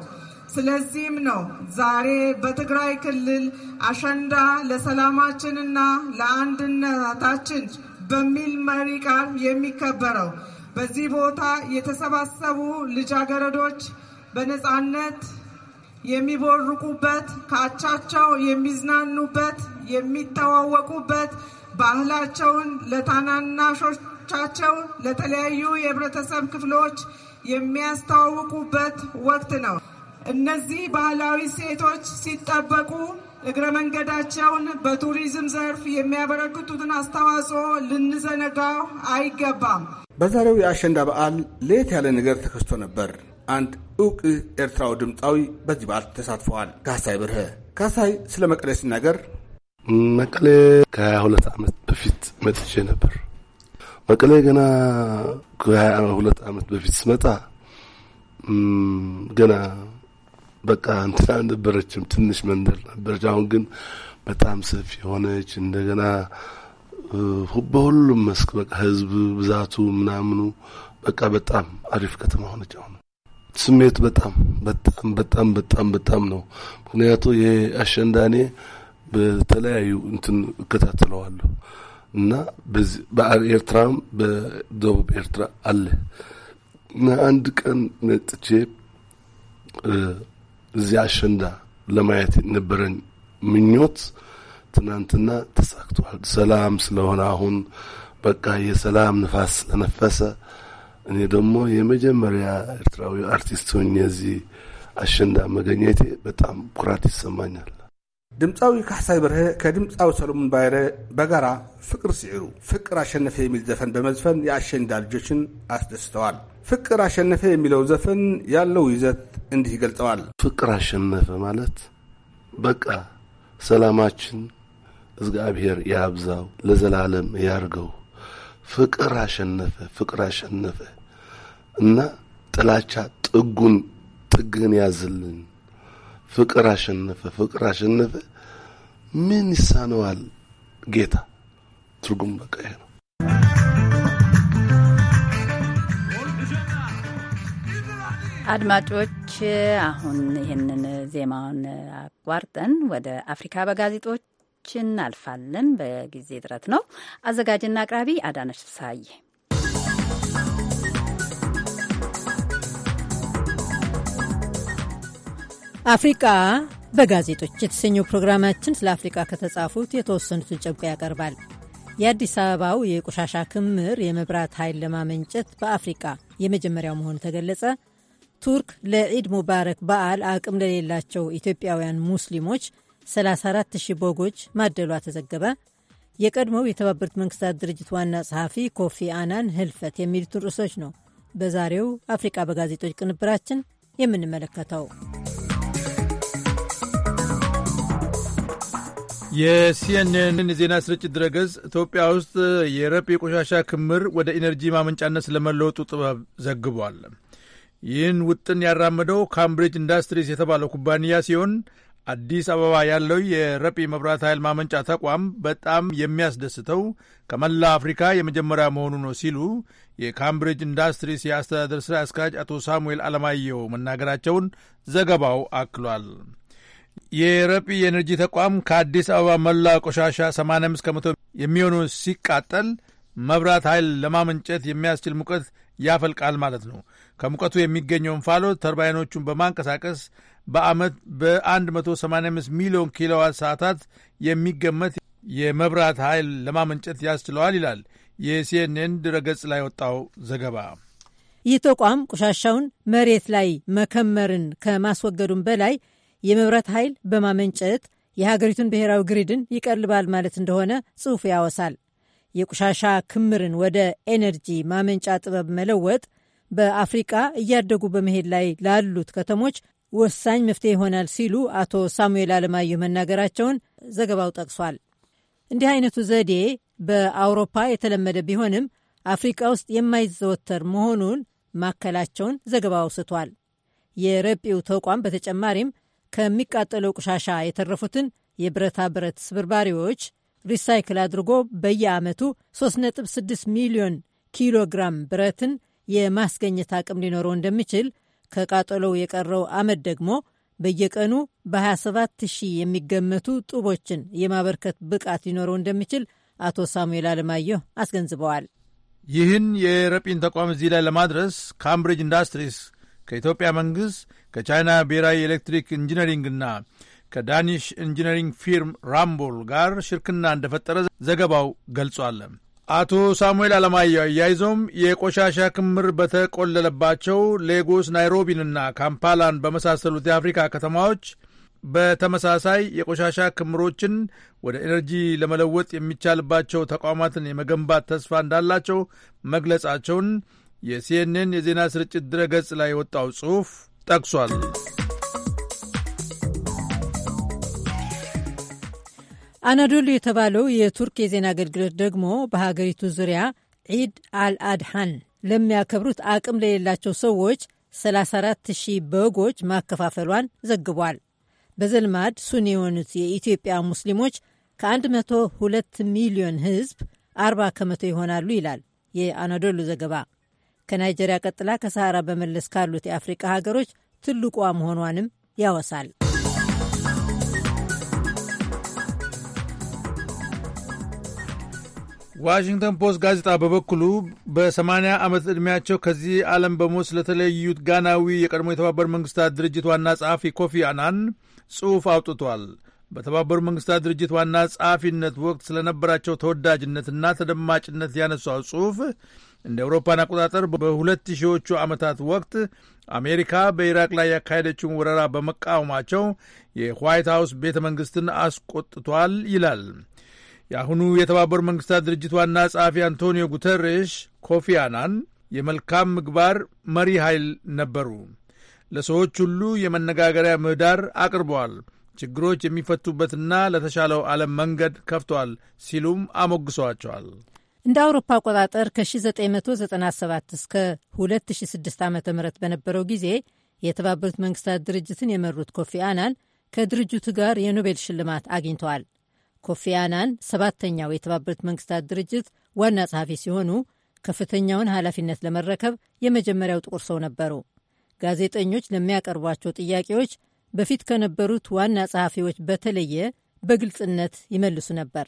ስለዚህም ነው ዛሬ በትግራይ ክልል አሸንዳ ለሰላማችንና ለአንድነታችን በሚል መሪ ቃል የሚከበረው በዚህ ቦታ የተሰባሰቡ ልጃገረዶች በነፃነት የሚቦርቁበት፣ ከአቻቸው የሚዝናኑበት፣ የሚተዋወቁበት፣ ባህላቸውን ለታናናሾቻቸው ለተለያዩ የህብረተሰብ ክፍሎች የሚያስተዋውቁበት ወቅት ነው። እነዚህ ባህላዊ ሴቶች ሲጠበቁ እግረ መንገዳቸውን በቱሪዝም ዘርፍ የሚያበረክቱትን አስተዋጽኦ ልንዘነጋው አይገባም። በዛሬው የአሸንዳ በዓል ለየት ያለ ነገር ተከስቶ ነበር። አንድ እውቅ ኤርትራዊ ድምፃዊ በዚህ በዓል ተሳትፈዋል። ካሳይ ብርሀ። ካሳይ ስለ መቀሌ ሲናገር መቀሌ ከሀያ ሁለት ዓመት በፊት መጥቼ ነበር። መቀሌ ገና ከሀያ ሁለት ዓመት በፊት ስመጣ ገና በቃ እንትን ነበረችም ትንሽ መንደር ነበረች። አሁን ግን በጣም ሰፊ የሆነች እንደገና በሁሉም መስክ በቃ ህዝብ ብዛቱ ምናምኑ በቃ በጣም አሪፍ ከተማ ሆነች። አሁን ስሜት በጣም በጣም በጣም በጣም በጣም ነው። ምክንያቱ ይሄ አሸንዳኔ በተለያዩ እንትን እከታተለዋለሁ እና በኤርትራም በደቡብ ኤርትራ አለ እና አንድ ቀን መጥቼ እዚያ አሸንዳ ለማየት የነበረን ምኞት ትናንትና ተሳክቷል። ሰላም ስለሆነ አሁን በቃ የሰላም ንፋስ ተነፈሰ። እኔ ደግሞ የመጀመሪያ ኤርትራዊ አርቲስት ሆኜ እዚህ አሸንዳ መገኘቴ በጣም ኩራት ይሰማኛል። ድምፃዊ ካሕሳይ በርሀ ከድምፃዊ ሰሎሞን ባይረ በጋራ ፍቅር ስዒሩ ፍቅር አሸነፈ የሚል ዘፈን በመዝፈን የአሸንዳ ልጆችን አስደስተዋል። ፍቅር አሸነፈ የሚለው ዘፈን ያለው ይዘት እንዲህ ይገልጸዋል። ፍቅር አሸነፈ ማለት በቃ ሰላማችን እግዚአብሔር ያብዛው፣ ለዘላለም ያርገው። ፍቅር አሸነፈ፣ ፍቅር አሸነፈ እና ጥላቻ ጥጉን ጥግን ያዝልን ፍቅር አሸነፈ፣ ፍቅር አሸነፈ። ምን ይሳነዋል ጌታ? ትርጉም በቃ ይሄ ነው። አድማጮች አሁን ይህንን ዜማውን አቋርጠን ወደ አፍሪካ በጋዜጦች እናልፋለን። በጊዜ እጥረት ነው። አዘጋጅና አቅራቢ አዳነች ሳዬ አፍሪቃ በጋዜጦች የተሰኘው ፕሮግራማችን ስለ አፍሪቃ ከተጻፉት የተወሰኑትን ጨምቆ ያቀርባል። የአዲስ አበባው የቆሻሻ ክምር የመብራት ኃይል ለማመንጨት በአፍሪቃ የመጀመሪያው መሆኑ ተገለጸ፣ ቱርክ ለዒድ ሙባረክ በዓል አቅም ለሌላቸው ኢትዮጵያውያን ሙስሊሞች 34,000 በጎች ማደሏ ተዘገበ፣ የቀድሞው የተባበሩት መንግስታት ድርጅት ዋና ጸሐፊ ኮፊ አናን ህልፈት የሚሉትን ርዕሶች ነው በዛሬው አፍሪቃ በጋዜጦች ቅንብራችን የምንመለከተው። የሲኤንኤን የዜና ስርጭት ድረገጽ ኢትዮጵያ ውስጥ የረጲ ቆሻሻ ክምር ወደ ኢነርጂ ማመንጫነት ስለመለወጡ ጥበብ ዘግቧል። ይህን ውጥን ያራመደው ካምብሪጅ ኢንዳስትሪስ የተባለው ኩባንያ ሲሆን አዲስ አበባ ያለው የረጲ መብራት ኃይል ማመንጫ ተቋም በጣም የሚያስደስተው ከመላ አፍሪካ የመጀመሪያ መሆኑ ነው ሲሉ የካምብሪጅ ኢንዳስትሪስ የአስተዳደር ሥራ አስኪያጅ አቶ ሳሙኤል አለማየሁ መናገራቸውን ዘገባው አክሏል። የረጲ የኤነርጂ ተቋም ከአዲስ አበባ መላ ቆሻሻ 85 ከመቶ የሚሆኑ ሲቃጠል መብራት ኃይል ለማመንጨት የሚያስችል ሙቀት ያፈልቃል ማለት ነው። ከሙቀቱ የሚገኘው እንፋሎት ተርባይኖቹን በማንቀሳቀስ በዓመት በ185 ሚሊዮን ኪሎዋት ሰዓታት የሚገመት የመብራት ኃይል ለማመንጨት ያስችለዋል ይላል የሲኤንኤን ድረገጽ ላይ ወጣው ዘገባ። ይህ ተቋም ቆሻሻውን መሬት ላይ መከመርን ከማስወገዱም በላይ የመብራት ኃይል በማመንጨት የሀገሪቱን ብሔራዊ ግሪድን ይቀልባል ማለት እንደሆነ ጽሑፉ ያወሳል። የቆሻሻ ክምርን ወደ ኤነርጂ ማመንጫ ጥበብ መለወጥ በአፍሪቃ እያደጉ በመሄድ ላይ ላሉት ከተሞች ወሳኝ መፍትሄ ይሆናል ሲሉ አቶ ሳሙኤል አለማየሁ መናገራቸውን ዘገባው ጠቅሷል። እንዲህ አይነቱ ዘዴ በአውሮፓ የተለመደ ቢሆንም አፍሪቃ ውስጥ የማይዘወተር መሆኑን ማከላቸውን ዘገባው አውስቷል። የረጲው ተቋም በተጨማሪም ከሚቃጠለው ቆሻሻ የተረፉትን የብረታ ብረት ስብርባሪዎች ሪሳይክል አድርጎ በየዓመቱ 3.6 ሚሊዮን ኪሎ ግራም ብረትን የማስገኘት አቅም ሊኖረው እንደሚችል፣ ከቃጠሎው የቀረው አመድ ደግሞ በየቀኑ በ27 ሺህ የሚገመቱ ጡቦችን የማበርከት ብቃት ሊኖረው እንደሚችል አቶ ሳሙኤል አለማየሁ አስገንዝበዋል። ይህን የረጲን ተቋም እዚህ ላይ ለማድረስ ካምብሪጅ ኢንዳስትሪስ ከኢትዮጵያ መንግሥት ከቻይና ብሔራዊ ኤሌክትሪክ ኢንጂነሪንግና ከዳኒሽ ኢንጂነሪንግ ፊርም ራምቦል ጋር ሽርክና እንደፈጠረ ዘገባው ገልጿል። አቶ ሳሙኤል አለማየሁ አያይዘውም የቆሻሻ ክምር በተቆለለባቸው ሌጎስ፣ ናይሮቢንና ካምፓላን በመሳሰሉት የአፍሪካ ከተማዎች በተመሳሳይ የቆሻሻ ክምሮችን ወደ ኤነርጂ ለመለወጥ የሚቻልባቸው ተቋማትን የመገንባት ተስፋ እንዳላቸው መግለጻቸውን የሲኤንኤን የዜና ስርጭት ድረገጽ ላይ የወጣው ጽሑፍ ጠቅሷል። አናዶሉ የተባለው የቱርክ የዜና አገልግሎት ደግሞ በሀገሪቱ ዙሪያ ዒድ አልአድሃን ለሚያከብሩት አቅም ለሌላቸው ሰዎች 34,000 በጎች ማከፋፈሏን ዘግቧል። በዘልማድ ሱኒ የሆኑት የኢትዮጵያ ሙስሊሞች ከ102 ሚሊዮን ሕዝብ 40 ከመቶ ይሆናሉ ይላል የአናዶሉ ዘገባ። ከናይጀሪያ ቀጥላ ከሰሃራ በመለስ ካሉት የአፍሪቃ ሀገሮች ትልቋ መሆኗንም ያወሳል። ዋሽንግተን ፖስት ጋዜጣ በበኩሉ በ80 ዓመት ዕድሜያቸው ከዚህ ዓለም በሞት ስለተለዩት ጋናዊ የቀድሞ የተባበሩ መንግስታት ድርጅት ዋና ጸሐፊ ኮፊ አናን ጽሑፍ አውጥቷል። በተባበሩ መንግስታት ድርጅት ዋና ጸሐፊነት ወቅት ስለነበራቸው ተወዳጅነትና ተደማጭነት ያነሷው ጽሑፍ እንደ አውሮፓን አቆጣጠር በሁለት ሺዎቹ ዓመታት ወቅት አሜሪካ በኢራቅ ላይ ያካሄደችውን ወረራ በመቃወማቸው የዋይት ሀውስ ቤተ መንግሥትን አስቆጥቷል ይላል። የአሁኑ የተባበሩ መንግሥታት ድርጅት ዋና ጸሐፊ አንቶኒዮ ጉተርሽ ኮፊ አናን የመልካም ምግባር መሪ ኃይል ነበሩ። ለሰዎች ሁሉ የመነጋገሪያ ምህዳር አቅርበዋል። ችግሮች የሚፈቱበትና ለተሻለው ዓለም መንገድ ከፍቷል ሲሉም አሞግሰዋቸዋል። እንደ አውሮፓ አቆጣጠር ከ1997 እስከ 2006 ዓ ም በነበረው ጊዜ የተባበሩት መንግስታት ድርጅትን የመሩት ኮፊ አናን ከድርጅቱ ጋር የኖቤል ሽልማት አግኝተዋል። ኮፊ አናን ሰባተኛው የተባበሩት መንግስታት ድርጅት ዋና ጸሐፊ ሲሆኑ ከፍተኛውን ኃላፊነት ለመረከብ የመጀመሪያው ጥቁር ሰው ነበሩ። ጋዜጠኞች ለሚያቀርቧቸው ጥያቄዎች በፊት ከነበሩት ዋና ጸሐፊዎች በተለየ በግልጽነት ይመልሱ ነበር።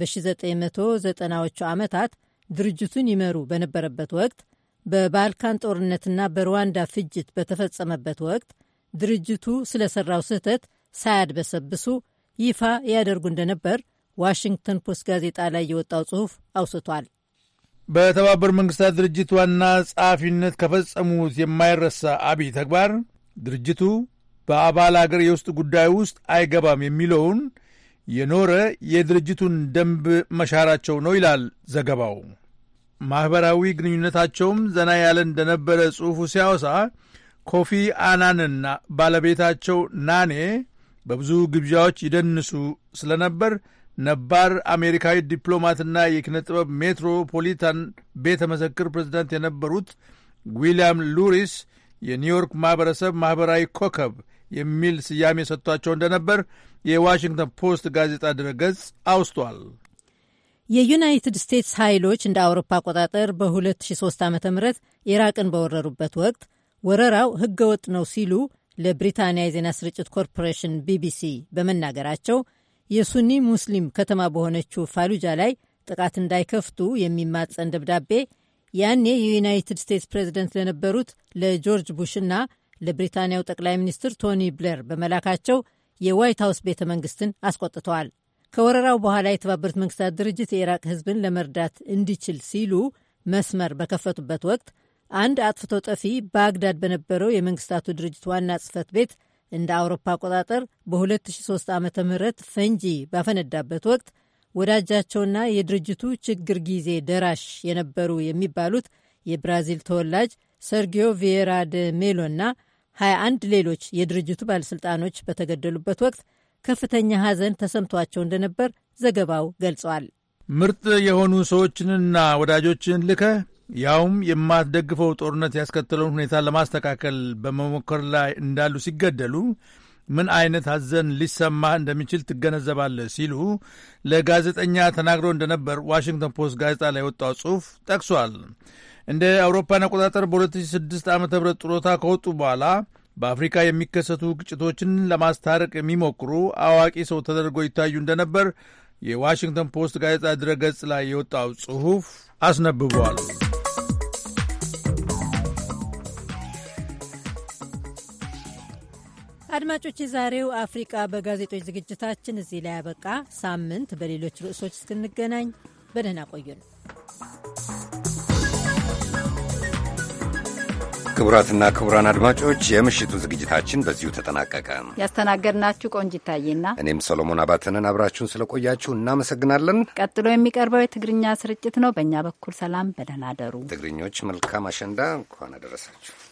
በ1990ዎቹ ዓመታት ድርጅቱን ይመሩ በነበረበት ወቅት በባልካን ጦርነትና በሩዋንዳ ፍጅት በተፈጸመበት ወቅት ድርጅቱ ስለ ሠራው ስህተት ሳያድበሰብሱ ይፋ ያደርጉ እንደነበር ዋሽንግተን ፖስት ጋዜጣ ላይ የወጣው ጽሑፍ አውስቷል። በተባበሩት መንግስታት ድርጅት ዋና ጸሐፊነት ከፈጸሙት የማይረሳ አብይ ተግባር ድርጅቱ በአባል አገር የውስጥ ጉዳይ ውስጥ አይገባም የሚለውን የኖረ የድርጅቱን ደንብ መሻራቸው ነው ይላል ዘገባው። ማኅበራዊ ግንኙነታቸውም ዘና ያለ እንደነበረ ጽሑፉ ሲያወሳ ኮፊ አናንና ባለቤታቸው ናኔ በብዙ ግብዣዎች ይደንሱ ስለነበር ነባር አሜሪካዊ ዲፕሎማትና የኪነ ጥበብ ሜትሮፖሊታን ቤተ መዘክር ፕሬዝዳንት የነበሩት ዊልያም ሉሪስ የኒውዮርክ ማኅበረሰብ ማኅበራዊ ኮከብ የሚል ስያሜ ሰጥቷቸው እንደነበር የዋሽንግተን ፖስት ጋዜጣ ድረገጽ አውስቷል። የዩናይትድ ስቴትስ ኃይሎች እንደ አውሮፓ አቆጣጠር በ2003 ዓ ም ኢራቅን በወረሩበት ወቅት ወረራው ህገወጥ ነው ሲሉ ለብሪታንያ የዜና ስርጭት ኮርፖሬሽን ቢቢሲ በመናገራቸው የሱኒ ሙስሊም ከተማ በሆነችው ፋሉጃ ላይ ጥቃት እንዳይከፍቱ የሚማጸን ደብዳቤ ያኔ የዩናይትድ ስቴትስ ፕሬዚደንት ለነበሩት ለጆርጅ ቡሽና ለብሪታንያው ጠቅላይ ሚኒስትር ቶኒ ብሌር በመላካቸው የዋይት ሀውስ ቤተ መንግስትን አስቆጥተዋል። ከወረራው በኋላ የተባበሩት መንግስታት ድርጅት የኢራቅ ህዝብን ለመርዳት እንዲችል ሲሉ መስመር በከፈቱበት ወቅት አንድ አጥፍቶ ጠፊ ባግዳድ በነበረው የመንግስታቱ ድርጅት ዋና ጽህፈት ቤት እንደ አውሮፓ አቆጣጠር በ2003 ዓ ም ፈንጂ ባፈነዳበት ወቅት ወዳጃቸውና የድርጅቱ ችግር ጊዜ ደራሽ የነበሩ የሚባሉት የብራዚል ተወላጅ ሰርጊዮ ቪዬራ ደ ሜሎና 21 ሌሎች የድርጅቱ ባለሥልጣኖች በተገደሉበት ወቅት ከፍተኛ ሐዘን ተሰምቷቸው እንደነበር ዘገባው ገልጸዋል። ምርጥ የሆኑ ሰዎችንና ወዳጆችን ልከ ያውም የማትደግፈው ጦርነት ያስከተለውን ሁኔታ ለማስተካከል በመሞከር ላይ እንዳሉ ሲገደሉ ምን አይነት ሐዘን ሊሰማህ እንደሚችል ትገነዘባለህ ሲሉ ለጋዜጠኛ ተናግረው እንደነበር ዋሽንግተን ፖስት ጋዜጣ ላይ የወጣው ጽሑፍ ጠቅሷል። እንደ አውሮፓን አቆጣጠር በ2006 ዓ ም ጥሮታ ከወጡ በኋላ በአፍሪካ የሚከሰቱ ግጭቶችን ለማስታረቅ የሚሞክሩ አዋቂ ሰው ተደርገው ይታዩ እንደነበር የዋሽንግተን ፖስት ጋዜጣ ድረ ገጽ ላይ የወጣው ጽሑፍ አስነብበዋል። አድማጮች፣ የዛሬው አፍሪቃ በጋዜጦች ዝግጅታችን እዚህ ላይ ያበቃ። ሳምንት በሌሎች ርዕሶች እስክንገናኝ በደህና ቆዩ ነው ክቡራትና ክቡራን አድማጮች የምሽቱ ዝግጅታችን በዚሁ ተጠናቀቀ። ያስተናገድናችሁ ቆንጅ ይታየና እኔም ሰሎሞን አባተንን አብራችሁን ስለቆያችሁ እናመሰግናለን። ቀጥሎ የሚቀርበው የትግርኛ ስርጭት ነው። በእኛ በኩል ሰላም፣ በደህና አደሩ። ትግርኞች መልካም አሸንዳ እንኳን አደረሳችሁ።